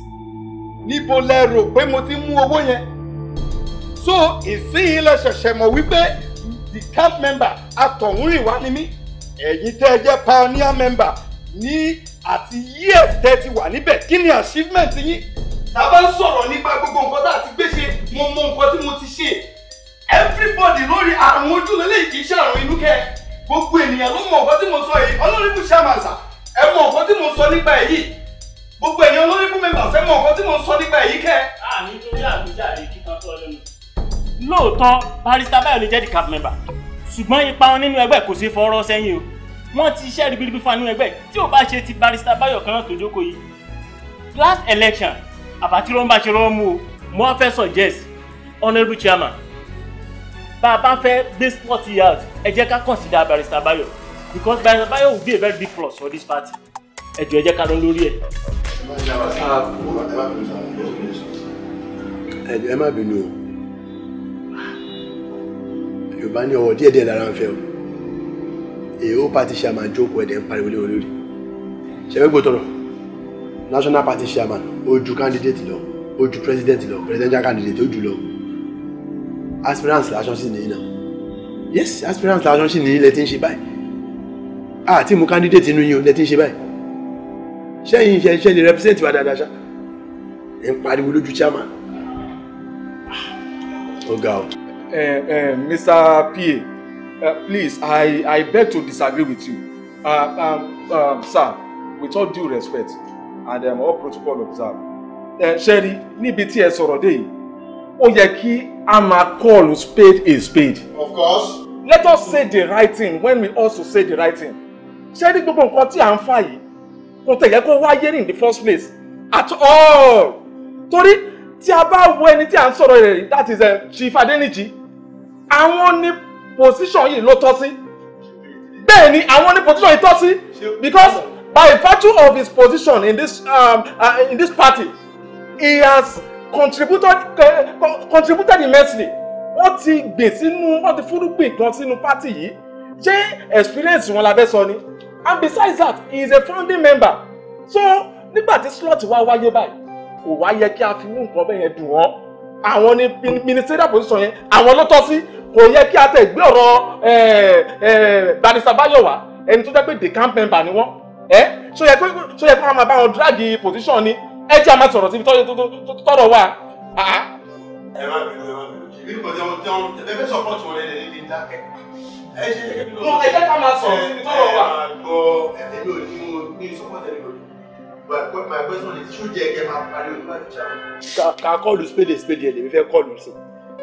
níbo lẹ rò pé mo ti mú owó yẹn so ìsinyìí lẹ ṣẹ̀ṣẹ̀ mọ̀ wípé the camp member àtọ̀húnrìnwá ni mí ẹ̀yin tẹ́ ẹ jẹ́ pioneer member ní àti years tẹ́ ti wà níbẹ̀ kí ni achievement yín tàbá ń sọ̀rọ̀ nípa gbogbo nǹkan tá a ti gbé ṣe mo mọ nǹkan tí mo ti ṣe everybody lórí àrùn ojú lélẹ́yìí kì í ṣe àrùn inú kẹ́ gbogbo ènìyàn ló mọ nǹkan tí mo sọ yìí ọlọ́run ibùsùn àmàṣà ẹ mọ nǹkan tí mo sọ nípa èyí gbogbo ẹ̀yin olórí fún mẹ́mbà fẹ́ mọ nǹkan tí mò sọ nípa èyí kẹ́. a nítorí àgbéjáde kíkan tó lẹ́nu. lóòótọ́ barista báyọ̀ lè jẹ́ the cab member ṣùgbọ́n ipa wọn nínú ẹgbẹ́ kò ṣeé fọwọ́rọ́ sẹ́yìn o wọ́n ti iṣẹ́ ribiribi fún anú ẹgbẹ́ tí ò bá ṣe ti barista báyọ̀ kan náà tó jókòó yìí. last election àbátíró ń bá ṣe rán mú o mo wá fẹ́ suggest honourable chairman bá a bá fẹ́ gbé sport yìí out ẹ jẹ́ ká consider barista báyọ̀ because barista báyọ̀ will be a very big plus for this party ẹjọ́ ẹ jẹ́ ká lọ lórí ẹ̀. ẹjọ́ ẹ má bínú o yorùbá ní ọwọ́ díẹ̀díẹ̀ lára ń fẹ́ o èyí ó pàtí ṣe àmà jókòó ẹ̀dẹ̀ ń pariwo lé olórí ṣẹ́fẹ́ gbòtọ̀rọ̀ national party chairman ó ju candidate lọ ó ju president lọ presidential candidate ó ju lọ aspirants lásán sì nìyí náà yes aspirants lásán sì nìyí lẹ ti ń ṣe báyìí àti mú candidate inú yín o lẹ ti ń ṣe báyìí sẹ́yìn iṣẹ́ iṣẹ́ lè represent wa dáadáa ṣá ẹ̀ ń pariwo lójú chairman ah, ọ̀gá o. Mr. PA uh, please I I beg to disagree with you uh, um, um, sir with all due respect and um, all protocol observed ṣẹ́rí níbi tí ẹ sọ̀rọ̀ dé yìí ó yẹ kí a máa call spade a spade. of course. let us say the right thing when we also say the right thing. ṣẹ́rí gbogbo nǹkan tí à ń fà yìí kò tẹ̀yẹ kó wáyé in the first place at all torí tí a bá wo ẹni tí a ń sọ̀rọ̀ rẹ̀ that is eh, Chief Adeniji àwọn ní position yìí ló tọ́ sí bẹ́ẹ̀ ni àwọn ní position yìí tọ́ sí because by virtue of his position in this, um, uh, in this party he has contributed, uh, contributed immensely wọ́n ti gbìn sínú wọ́n ti fúrúgbìn kan sínú pátì yìí ṣé experience wọn la fẹ́ sọ ni and besides that he is a founding member so nígbà tí slot wá wáyé báyìí kò wá yẹ kí a fi mú nǹkan bẹ́ẹ̀ yẹn dùn wọ́n àwọn ni ministerial position yẹn àwọn ló tọ́ sí kò yẹ kí a tẹ̀ gbé ọ̀rọ̀ eh, eh, barista Bayowa ẹni tó jẹ́ pé the camp member ni wọ́n ẹ́ eh? so yẹ kí wọ́n máa bá wọn drag position ni ẹ jẹ́ àmà sọ̀rọ̀ síbi tọ́rọ̀ wà. Ah, ah. ẹ má bínú ẹ má bínú ṣèbí nǹkan tí wọ́n tẹ́ wọ́n tẹ́ fẹ́ sọ́pọ̀tì wọn lẹ́yìn ní dákẹ́ ẹ ṣe jẹ́ kí n lọ. ẹ jẹ́ ká máa sọ̀rọ̀ síbi tó lọ wà. ẹ gbọ́ ẹ̀mí ò ní mo ní sọ́kọ́tẹ̀ mi lójú. my question is ṣó jẹ́ kẹ́ máa pariwo nígbà tí ṣáà. ká kọ́ọ̀lù spade spade ẹ̀ lèmi fẹ́ kọ́ọ̀lù sí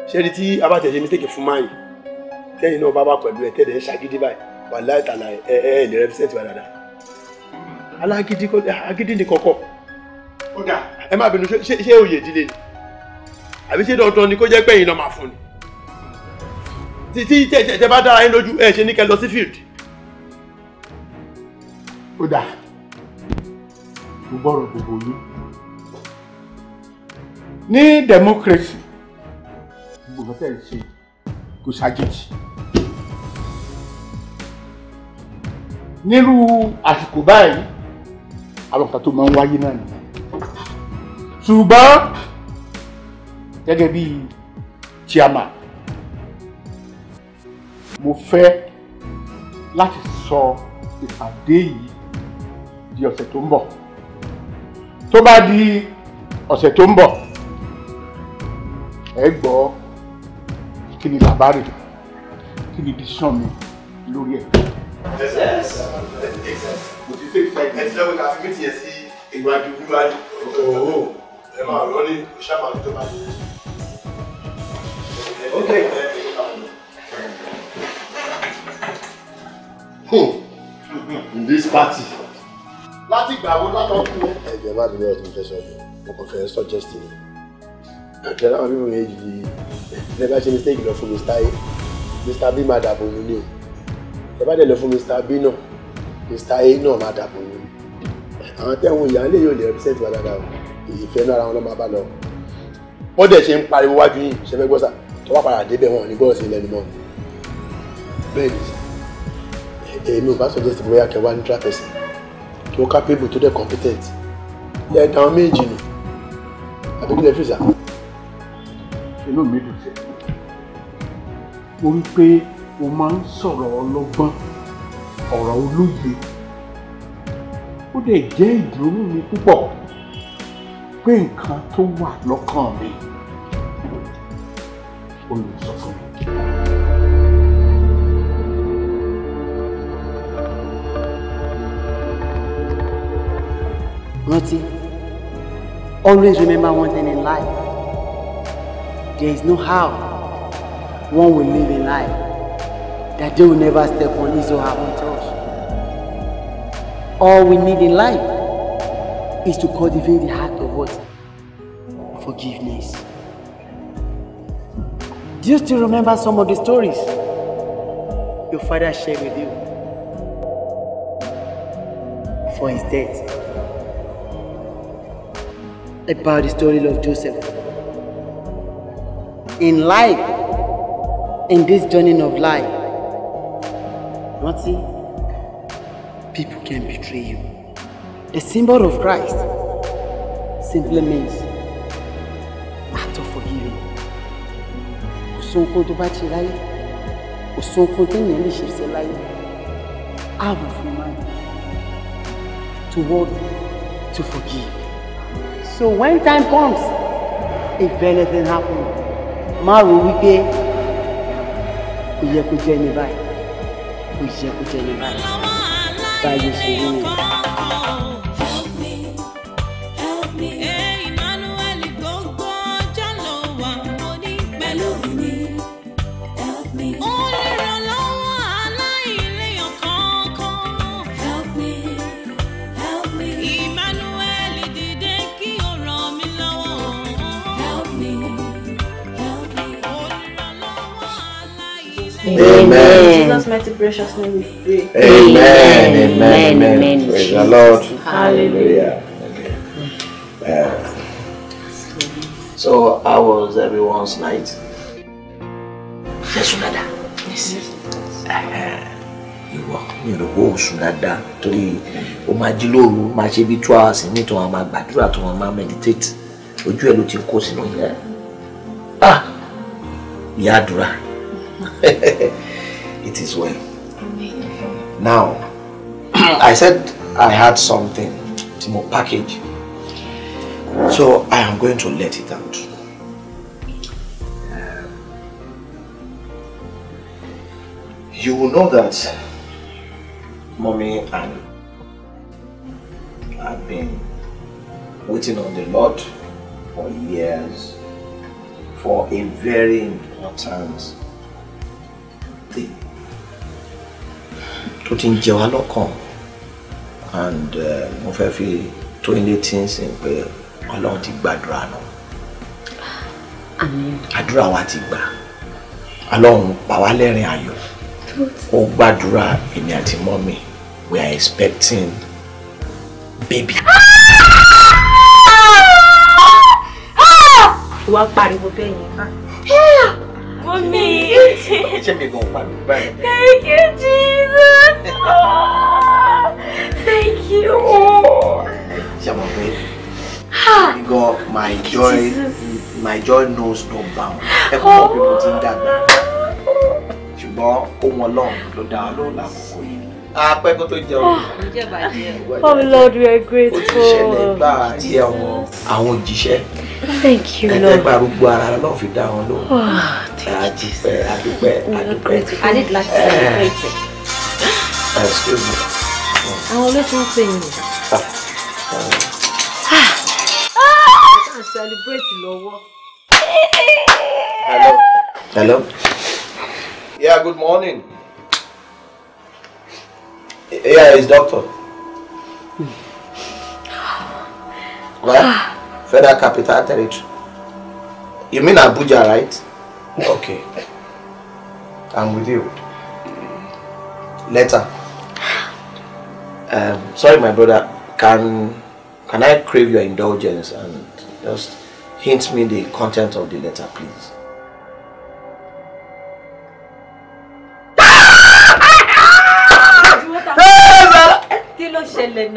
i ṣé ẹni tí abátẹ̀jẹ́ mi tèké fún máyì tẹ́yìn náà bá wà pẹ̀lú ẹ̀ tẹ́lẹ̀ ń ṣàgídí báyìí wà láìtàlà ẹ̀ ẹ̀ lè rẹ́písẹ́ǹtì wa dáadáa alágídí agídí ni kọ̀kọ̀ ẹ má bínú ṣé òye ìdílé ni àbí ṣé dandan ni kó jẹ́ pẹ́yìn náà máa fún ni tí tẹ bá dára yín lójú ẹ ṣe ní kẹ́ lọ sí field. ó dà mo gbọ́rọ̀ gbogbo yín ní democracy gbogbo tẹ̀ ń ṣe kò ṣàjèjì nírú àsìkò báyìí àwọn kan tó máa ń wáyé náà nìyẹn ṣùgbọ́n gẹ́gẹ́ bíi chairman mo fẹ́ láti sọ ìpàdé yìí di ọ̀sẹ̀ tó ń bọ̀ tó bá di ọ̀sẹ̀ tó ń bọ̀ ẹ gbọ́ kí ni làbárè kí ni decision mi lórí ẹ̀. mo in this party. láti gbà wo látọ̀kùn o. ẹ jẹ́ má bínú ọ̀tún fẹ́ sọ yìí mo kàn fẹ́ suggest ni àtẹ̀lé àwọn bíbélì méjì yìí ẹ bá ṣe mistake lọ fún Mr. A Mr. B máa dàbò yín ni o ẹ bá dẹ̀ lọ fún Mr. B náà Mr. A náà máa dàbò yín àwọn tẹ̀wọ̀n ìyá lè yóò lè represent wa dáadáa o ìfẹ́ náà ara wọn ló máa bá lọ wọ́n dẹ̀ ṣe ń pariwo wájú yìí ṣẹfẹ́ gbọ́sà tọ́wọ́ padà débẹ̀ wọn ò ní gbọ́ sí ilẹ̀ ni mọ́ bẹ́ẹ̀ ni èmi ò bá suggest bóyá kẹwàá ní trapẹsì kí wọ́n capable tó dẹ̀ competent ẹ̀ dàn án méjì nù àbí kílẹ̀ fìsà. inú mi dùn sí mo rí pé o máa ń sọ̀rọ̀ ọlọ́gbọ́n ọ̀rọ̀ olóye ó dẹ̀ jẹ́ ìdùnnú mi púpọ̀ pé nǹkan tó wà lọ́kàn mi olùsọ fún mi. rántí always remember one thing in life there is no how one will live in life that they will never step on his or her own toes all we need in life is to cultivate the heart of what forgiveness. Do you still remember some of the stories your father shared with you for his death? about the story of Joseph. In life, in this journey of life, Marty, people can betray you. The symbol of Christ simply means act of forgiving. Kò sóhun tó bá ṣe láyé, kò sóhun Have a free mind to work, to forgive so when time comes if anything happen má rò wípé kò yẹ kó jẹ́ ní báyìí kò yẹ Amen. In Jesus' mighty precious name we pray. Amen. Amen. Amen. Amen. Amen. Amen. Amen. Praise the Lord. Hallelujah. Amen. so, how was everyone's night? Yes, Sunada. Yes. Uh, ìwọ mi ò rò pé oṣù dáadáa torí o máa jí lóru máa ṣe bí two hours ní tí wọn máa gbàdúrà tí wọn máa meditate ojú ẹ ló ti kó sínú yẹn ah ìyá àdúrà it is well. Amen. Now, I said I had something, my package. So I am going to let it out. You will know that mommy and I've been waiting on the Lord for years for a very important thing. ó ti ń jẹ wá lọ́kàn and eh, mo fẹ́ fi tó ilé tí ń sìn pé ọlọ́run ti gbàdúrà náà àdúrà wa ti gbà ọlọ́run pa wá lẹ́rìn ayọ̀ ó gbàdúrà èmi àti mọ́mì we are expecting baby. wá pariwo bẹ́ẹ̀ yẹn. Ah. Mọ́mì. Ṣé mi gan pariwo báyìí? Thank you Jesus. Thank you. Ṣàmọ̀ pé God my joy my joy knows no bounds. Ẹ kò mọ̀ pé mo Ṣùgbọ́n ohun ọlọ́run ló dá ọlọ́run lákòókò yìí. Apẹ́ kó tó jẹun. Ah! Oh Lord, we are grateful. Ó ti ṣẹlẹ̀ gbà yẹ àwọn àwọn òjíṣẹ́. Thank you Lord. Ẹ̀ẹ́dẹ́gbà gbogbo ara lọ́ọ̀ fi dá wọn lóhùn. Adúpẹ́ adúpẹ́ adúpẹ́. I need like to celebrate it excuse me. àwọn olóṣù ń pè yín. ẹ celebrate hello. hello. yeah good morning. yeah it's doctor. well federal capital territory. You mean Abuja, right? Okay. I'm with you. Later. Um, sorry, my brother, can can I crave your indulgence and just hint me the content of the letter, please?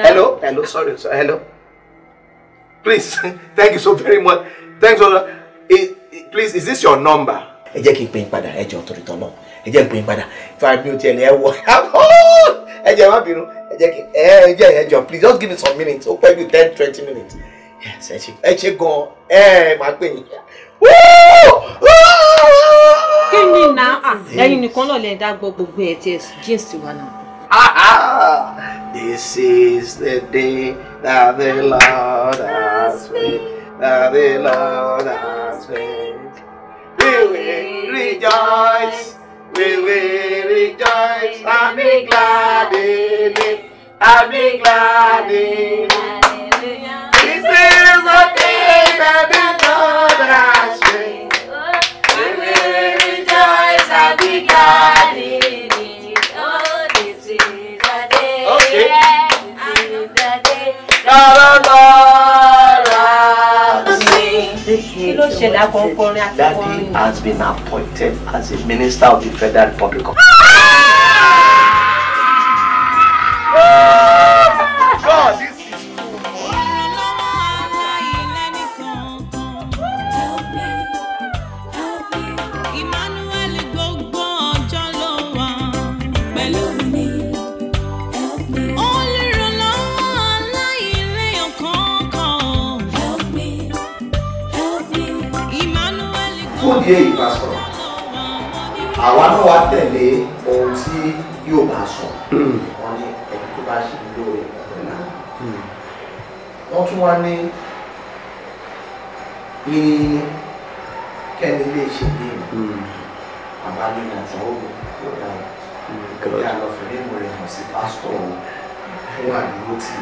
hello, hello, sorry, sorry, hello. Please, thank you so very much. Thanks, brother. It, it, please, is this your number? Ẹ jẹ́ kí n pè yín padà, ẹ jọ̀ọ́ torí tọ́lọ́. Ẹ jẹ́ n pè yín padà. Fáàmì ò tiẹ̀ ní ẹ wọ. Ẹ jẹ́ má ẹ jẹ́ ẹ jẹ́ ẹ jọ please just give me some minutes ó pẹ́ bí ten twenty minutes yes ẹ ṣe ẹ ṣe gan ẹ máa pè yín. kí ni náà ẹ̀yin nìkan náà lè dá gbọ́ gbogbo ẹ̀ tí ẹ jíǹsì wa náà. this is the day that the Lord has made that the Lord has made we will rejoice we will rejoice and be glad in it. I'll be glad This is a says the things that before that I say. We will rejoice, I'll be glad Oh, this is the day. This is the day. God, Lord, oh, Lord, Daddy has been appointed as a minister of the Federal Republic of. bí èyí bá sọ àwa náà wá tẹ̀lé ohun tí yóò bá sọ wọn ní ẹni tó bá ṣe lóore ọ̀rẹ́ náà wọ́n tún wá ní ní kẹ́ni lè ṣe bí àbálẹ̀ àti ọ̀gbọ̀n tó dára ìgbà lọ́fẹ̀ẹ́ mú rẹ̀ hàn sí pásítọ̀ fún àdúgbò tì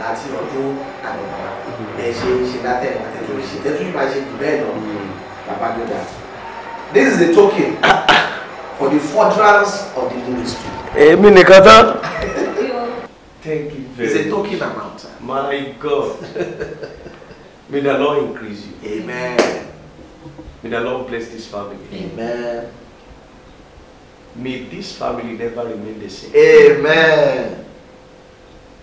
láti ọdún àgbàlagbà ẹ ṣe ń ṣe látẹ̀ àtẹ̀tún ṣe tẹ́tún ìbáṣe jù bẹ́ẹ̀ lọ bàbá tó dára this is the token for the furtherance of the ministry. èmi nìkan tán. thank you very much. it's a token amount. my God may the Lord increase you. amen. may the Lord bless this family. amen. May this family never remain the same. Amen.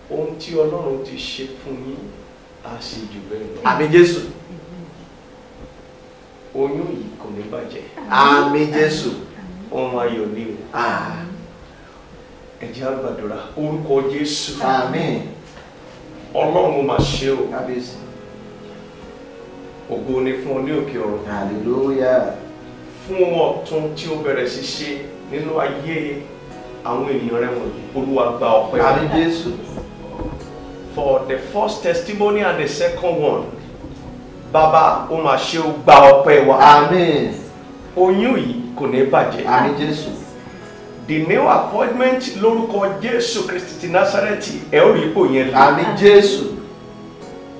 Ohun tí Ọlọ́run ti ṣe fún yín, a ṣe jù bẹ́ẹ̀ lọ. Àmín Jésù oyún yìí kò ní bàjẹ́. àmín jésù. ohun ayọ̀ ni o. ẹ jẹ́ á gbàdúrà orúkọ jésù. àmín. ọlọ́run mà ṣe o. kábíyèsí. ògo ni fún ọ ní òkè ọ̀run. hallelujah. fún ohun ọ̀tun tí ó bẹ̀rẹ̀ sí ṣe nínú ayé àwọn ènìyàn rẹ wọ̀nyí olúwa gba ọpẹ́. àmín jésù. for the first testimony and the second one bàbá ó máa ṣe ó gba ọpẹ́ wa. Amen. oyún yìí kò ní bàjẹ́. àmín jésù. the new appointment lórúkọ jésù kristi ti násárẹ́tì ẹ ó rí ipò yẹn lọ. àmín jésù.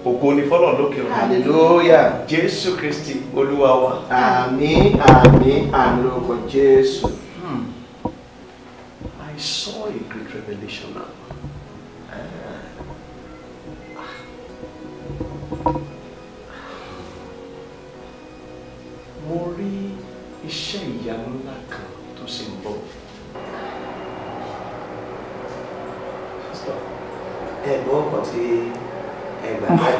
ògo ni fọlọ́n lókè ọ̀run. hallelujah. jésù kristi olúwa wa. àmín àmín àmín lórúkọ jésù. Hmm. I saw a great revelation now. ìyanu ńlá kan tó sì ń bọ̀. ẹ gbọ́ ọkọ̀ tí ẹ gbà jáde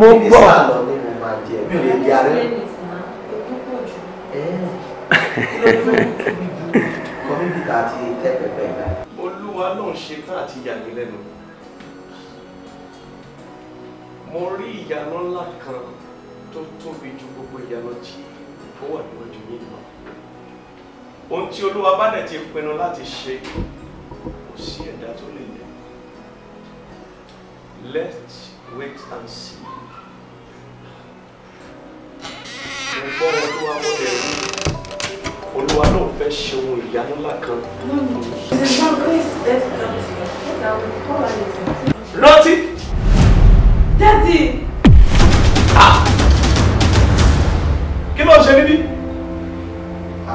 mo gbọ́ èsì àlọ́ ni mo máa jẹ mi ò lè di arẹ. kọ́mípítà àti tẹ́pẹ̀pẹ̀ náà. olúwa náà ṣe tán àti ohun tí olúwa bá dẹ̀ ti pinnu láti ṣe kò sí ẹ̀dá tó lè lẹ̀ let's wait and see. mo gbọ́ olúwa mo lè rí olúwa náà fẹ́ ṣe ohun ìyanu ńlá kan. rántí. dẹ́tì. Ah! kí ló ń ṣe níbí.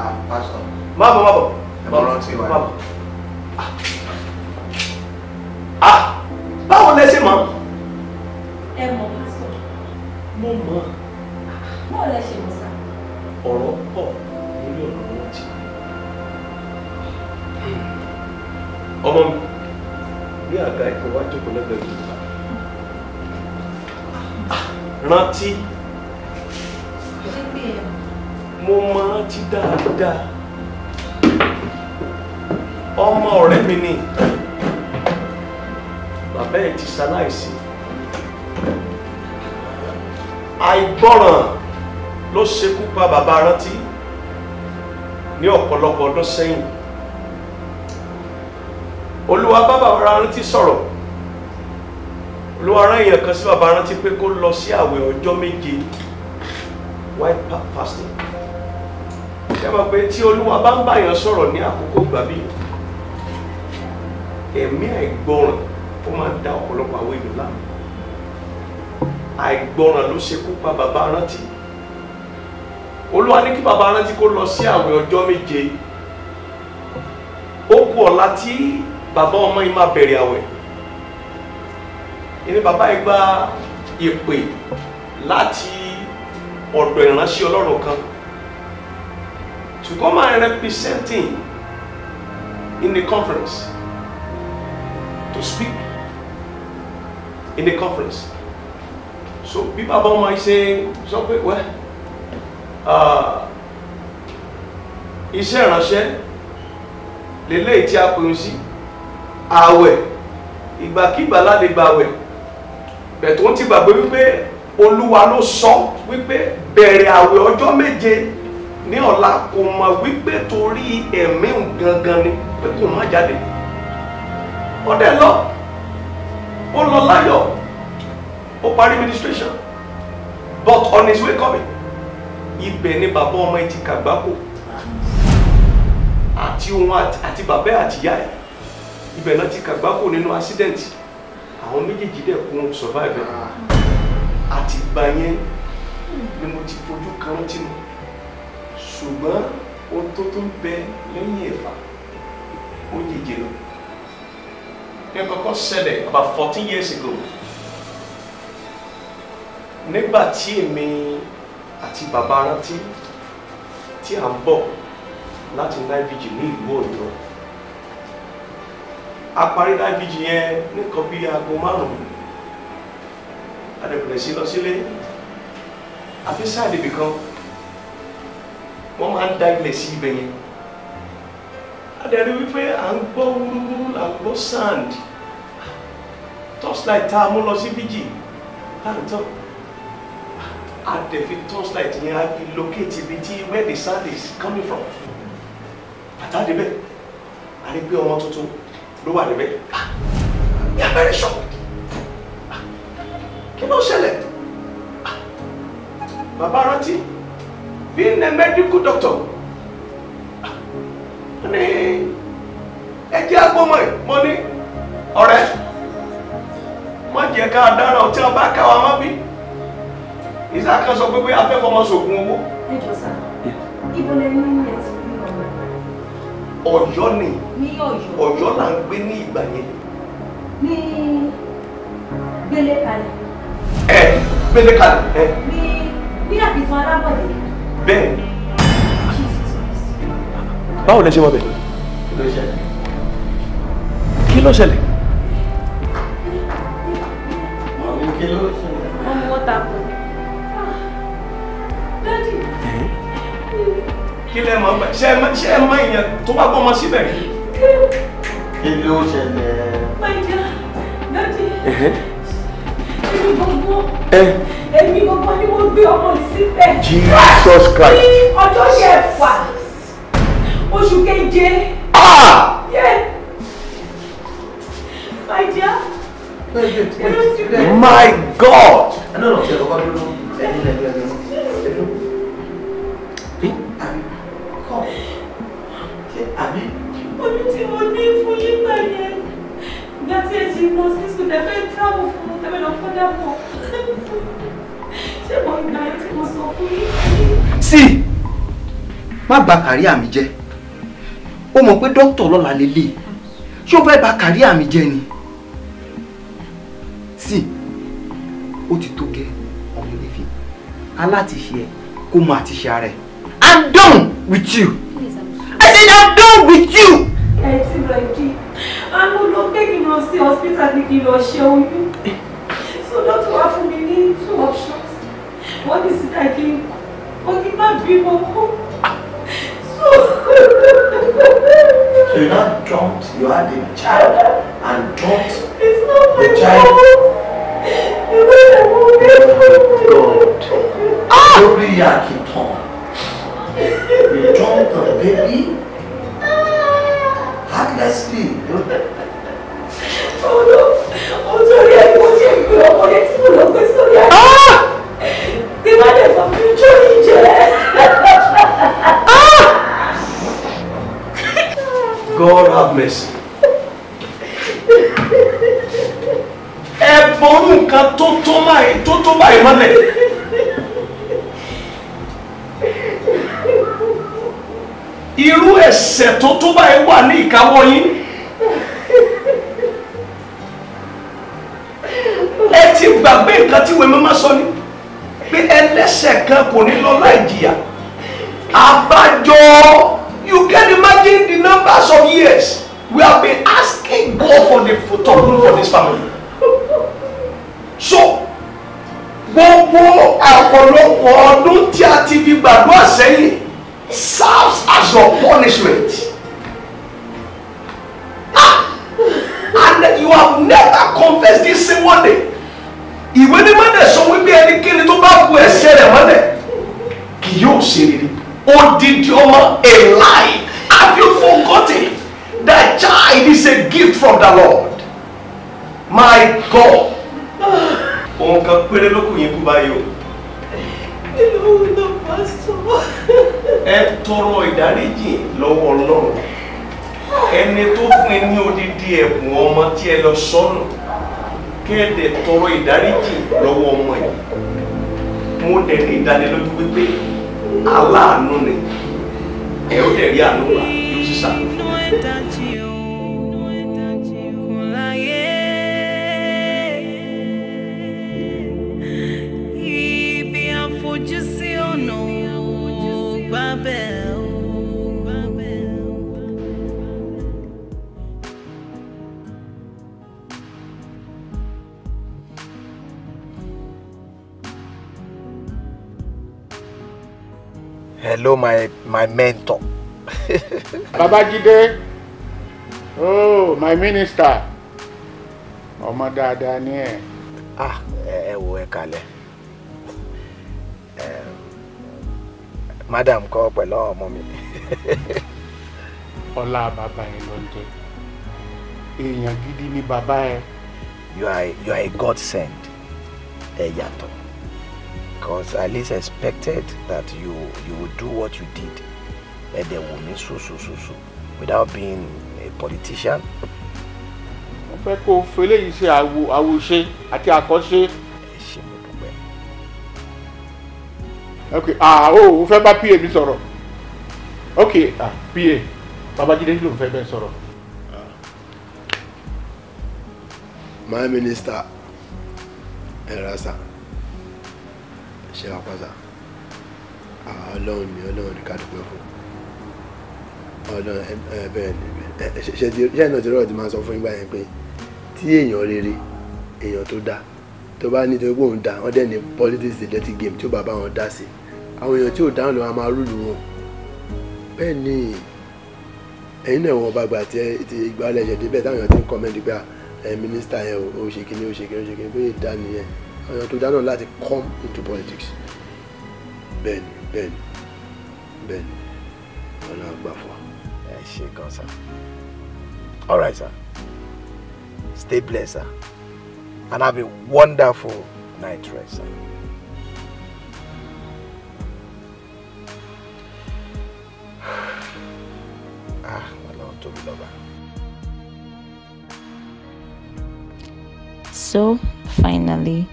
ah pastor má bọ̀ má rántí wa. Ah! ah báwo lẹ ṣe mọ̀. ẹ mọ̀ pásítọ̀. mo mọ̀. báwo lẹ ṣe mọ̀ sá. ọ̀rọ̀ pọ̀ lórí ọ̀rọ̀ wọn jì. ọmọ mi bí àga ikọ̀ wá jókòó lẹ́gbẹ̀ẹ́ mi. Ah! rántí. mo máa rántí dáadáa ọmọ ọ̀rẹ́ mi ni bàbá ẹ̀ ti ṣaláìsí àìgbọràn ló ṣekú pa bàbá rántí ní ọ̀pọ̀lọpọ̀ ọdún sẹ́yìn olúwa bá bàbá rántí sọ̀rọ̀ olúwa rán èèyàn kan sí bàbá rántí pé kó lọ sí àwẹ̀ ọjọ́ méje white fasting ṣe mọ̀ pé tí olúwa bá ń báyàn sọ̀rọ̀ ní àkókò gbàbí ẹ̀mí àìgbọràn ó máa ń da ọ̀pọ̀lọpọ̀ àwọn èèyàn láàmú àìgbọràn ló ṣekú pa bàbá rántí olúwa ní kí bàbá rántí kó lọ sí àwẹ̀ ọjọ́ méje ó kú ọ̀la tí bàbá ọmọ yìí máa bẹ̀rẹ̀ àwẹ̀ ìní bàbá yìí gba ìpè láti ọ̀dọ̀ ìránṣẹ́ ọlọ́run kan to come and represent him in the conference, to speak in the conference. So people about might say, something, well, uh, iṣẹ́ ìránṣẹ́ lélẹ́yìí tí a pinnu sí ààwẹ̀ ìgbàkígbà láti gba ààwẹ̀ bẹ̀tọ̀ ń ti gbàgbé wípé olúwa ló sọ wípé bẹ̀rẹ̀ ààwẹ̀ ọjọ́ méje ní ọ̀la kò mọ̀ wípé torí ẹ̀mí gangan ni pé kò má jáde ọ̀dẹ lọ ó lọ láyọ̀ ó parí ministration but on his way coming ibẹ̀ ni bàbá ọmọ ẹ ti kàgbákò àti òun àti bàbá ẹ àtìyá ẹ ibẹ̀ náà ti kàgbákò nínú accident àwọn méjèèjì dẹ̀ kún survive àtìgbà yẹn ni mo ti fojú kan rántí mi ṣùgbọ́n ohun tó tún bẹ lẹ́yìn ẹ̀fà ó yege lọ. ní kọ́kọ́ ṣẹlẹ̀ about fourteen years ago nígbà tí èmi àti bàbá rántí tí à ń bọ̀ láti láìbíjì ní ìlú Ọ̀yọ́ a parí láìbíjì yẹn nìkan bíi aago márùn-ún a dẹ̀ bẹ̀rẹ̀ sí lọ sílé àfi sáà débì wọ́n máa ń da ilẹ̀ sí ibẹ̀ yẹn adẹ̀rí wípé à ń gbọ́ wúrúwúrú là ń gbọ́ sand torchlight tá a mú lọ sí fiji láǹtọ́ adẹ̀fi torchlight yẹn á fi locate ibi tí where the sand is coming from àtàdé bẹ́ẹ̀ a ní pé ọmọ tuntun ló wà níbẹ̀ ní abẹ́rẹ́ ṣọ́ kí ló ṣẹlẹ̀ bàbá rántí being a medical doctor ní ẹ jẹ́ agbọ́mọ̀ ẹ̀ mo ní ọ̀rẹ́ má jẹ́ ká dáràn tí wọ́n bá ká wa má bí ìsá kan sọ pé pé afẹ́fọ́ ọmọ sògùn owó. ibo lẹ ní ilẹ̀ tí Ọ̀yọ́ ni Ọ̀yọ́ là ń gbé ní ìgbà yẹn. ní gbélé kalẹ̀. ẹ gbélé kalẹ̀. ní ní àpìtàn alábọ̀dé bẹ́ẹ̀ báwo lẹ ṣe wọ bẹ̀ kí ló ṣẹlẹ̀. ọmọ wọn ta kù. dádì. kí lẹ mọ̀ pé ṣé ẹ mọ̀ èèyàn tó bá gbọ́mọ síbẹ̀ kí ló ṣẹlẹ̀. máìjà èmi gbogbo ni mo gbé ọmọ yìí síbẹ̀. Jesus Christ. ní ọjọ́ kẹfà oṣù keje. Ah! my God. oyún tí mo ní fún nígbà yẹn gbàtí ẹ ṣe mọ sí sùn tẹfẹ tíráàbù fún mi tẹfẹ lọ fọdà pọ sí má bà kàríà mi jẹ́ ó mọ̀ pé dókítà lọ́la lélẹ̀ ṣé ó fẹ́ bà kàríà mi jẹ́ ni sí ó ti tó gẹ́ ọmọ ilé fi aláti ṣe ẹ kó máa ti ṣe ara ẹ i'm done with you i said i'm done with you. ẹ lọ ìdí àánú ló gbé kí n lọ sí hospital ní kí n lọ ṣe oyún so dókítà wá fún mi ní two options body sí dájú kò ní má bímọ kú. So you not dumped, you had a child and dumped It's not the child. God. Ah! Lórí àkìtàn. You dumped the baby ah! heartlessly. Oh no, oh sorry, I was here, ìwà ah! God have mercy. Ẹ̀gbọ́n nǹkan tó tó báyìí tó tó báyìí mọ́lẹ̀. Irú ẹ̀ṣẹ̀ tó tó báyìí wà ní ìkáwọ́ yín. Ẹ ti gbàgbé nǹkan tí wèé máa sọ ni pé ẹlẹ́ṣẹ̀ kan kò ní lọ láì jìyà àbájọ you can imagine the numbers of years we have been asking God for the photographer for this family so gbogbo ọ̀pọ̀lọpọ̀ ọdún tí a ti fi gbàdúrà sẹ́yìn serves as your punishment ah and you have never confessed this sin one day ìwé mímọ́ náà sọ wípé ẹnikẹ́ni tó bá bu ẹsẹ̀ rẹ̀ mọ́lẹ̀ kì yóò ṣe rere odidi ọmọ a lie have you forgotten that child is a gift from the Lord my God. òun kan péré lókùn yín kú báyìí o. inú ló bá sọ. ẹ tọrọ ìdáríjì lọ́wọ́ Ọlọ́run ẹni tó fún ẹ ní odidi ẹ̀bùn ọmọ tí ẹ lọ sọ́nù kí tọrọ ìdáríjì lọ́wọ́ ọmọ yìí mo dẹ̀ ní ìdánilójú wípé aláàánú ni ẹ ó dẹ̀ rí àánú wa yóò sì ṣàkóso. Ibi àfojúsí ọ̀nà ò hello my my mentor. babajide oh my minister ọmọ dáadáa ni ẹ. ah ẹ wo ẹ kalẹ̀ madam kọ pẹ̀lú ọmọ mi. ọlá bàbá ẹ ló ń jẹ èèyàn gidi ni bàbá ẹ. you are you are a godsend ẹ yàtọ̀ because at least expected that you you would do what you did and then will mí so so so so without being a politician. mo fẹ́ kó fele yìí ṣe àwo àwòṣe àti àkọ́ṣe. ẹ ṣe mo dúpẹ́. ok ah oh. ò fẹ́ bá pa mi sọ̀rọ̀ ok ah pa Babájídé ló ń fẹ́ bẹ́ẹ̀ sọ̀rọ̀. my minister ẹ ra sáà ṣe wá pàṣà àwọn ah, ọlọ́run ni ọlọ́run ní kádùpẹ́ fún ọlọ́run bẹ́ẹ̀ ni ṣe náà ti rọ̀ ti máa sọ fún ìgbà yẹn pé tí èèyàn rere èèyàn tó dáa tó bá ní torí pé òun dáa wọ́n dẹ̀ ní politics the dirty game tí ó bá bá wọn dá sí àwọn èèyàn tí ò dáhùn ló máa máa rúlù wọn bẹ́ẹ̀ ni ẹ̀yin náà wọn bá gbà tí ìgbà ọlẹ́ṣẹ̀ débẹ̀ táwọn èèyàn ti ń kọ́mẹ́ntì pé ah, ẹ̀ mínísítà yẹn ò ṣe ò ṣe ò ṣe kíní pé ìdánìyẹn ọ̀yàn tó dáná láti come into politics Ben, Ben, Ben, ọ̀nà àgbà fún wa. ẹ ṣe gan sa all right sir stay blessed sir and have a wonderful night rest sir. ah Ọlọ́run tóbi lọba. So, finally,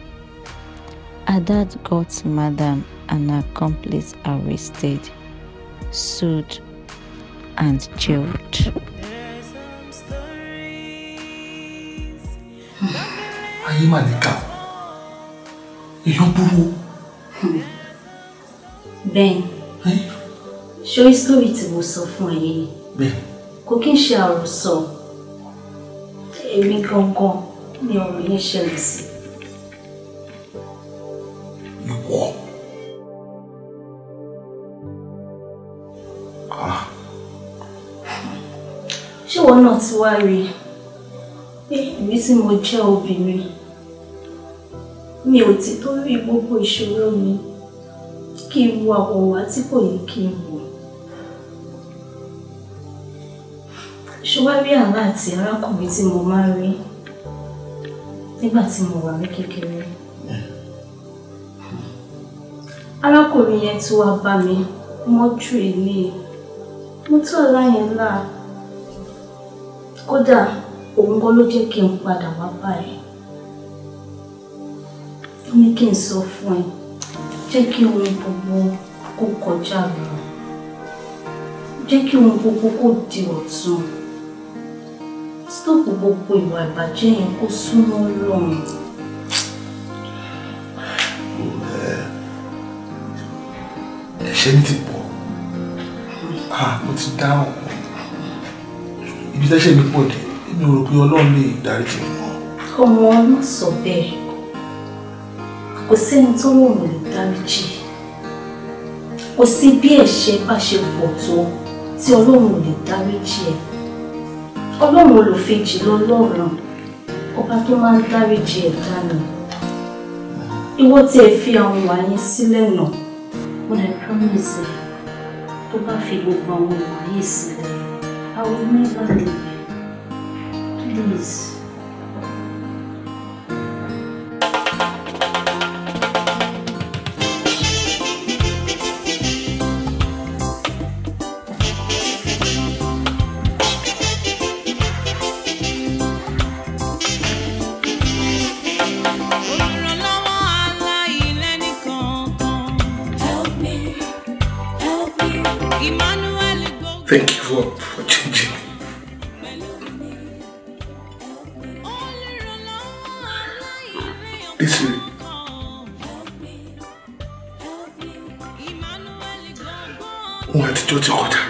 Haddad got madam and accomplice arrested, sued, and jailed. Ayé mà ní ká, èèyàn burú. Bẹ́ẹ̀ni, ṣorí sórí tí mo sọ fún ẹ̀yin ni, kò kí n ṣe àròsọ, èmi gangan ni ọ̀rọ̀ yẹn ṣẹlẹ̀ sí. ti wá rí pé eh, èmi tí mo jẹ́ obìnrin mi ò ti tó rí gbogbo ìṣòro mi kí n wo àwọn wá tí kò yẹ kí n wò. ṣùwárí àlá àti arákùnrin tí mo máa ń rí nígbà tí mo wà ní kékeré. arákùnrin yẹn tí wàá bá mi mọ́jú ilé mo tó àlá yẹn láà kódà òun kọ́ ló jẹ́ kí n padà wá báyìí ó ní kí n sọ fún ẹ jẹ́ kí ohun gbogbo kó kọjá lọ jẹ́ kí ohun gbogbo kó di ọ̀tun sítọ́ọ̀pù gbogbo ìwà ìbàjẹ́ yẹn kó súnmọ́ lọ́rùn. ẹ̀ṣẹ̀ ní ti ah, mo ti dáhùn ibi tẹ́ṣẹ̀ mi pọ̀ dé mi ò rò pé ọlọ́run lè darí tì mí mọ́. ọmọ má sọ bẹ́ẹ̀ kò sẹ́ni tó lòun lè dáríjì kò sí bí ẹ̀ṣẹ̀ bá ṣe pọ̀ tó tí ọlọ́run lè dáríjì ẹ̀ ọlọ́run olùfejì lọ́lọ́run ọba tó máa ń dáríjì ẹ̀dá ni ìwọ tí ẹ fi àwọn ìwà yẹn náà mo lè promise tó bá fi gbogbo àwọn ìwà yìí Raul Mendanelli. Tudo isso. this way. Ohun àtijọ́ ti kọjá.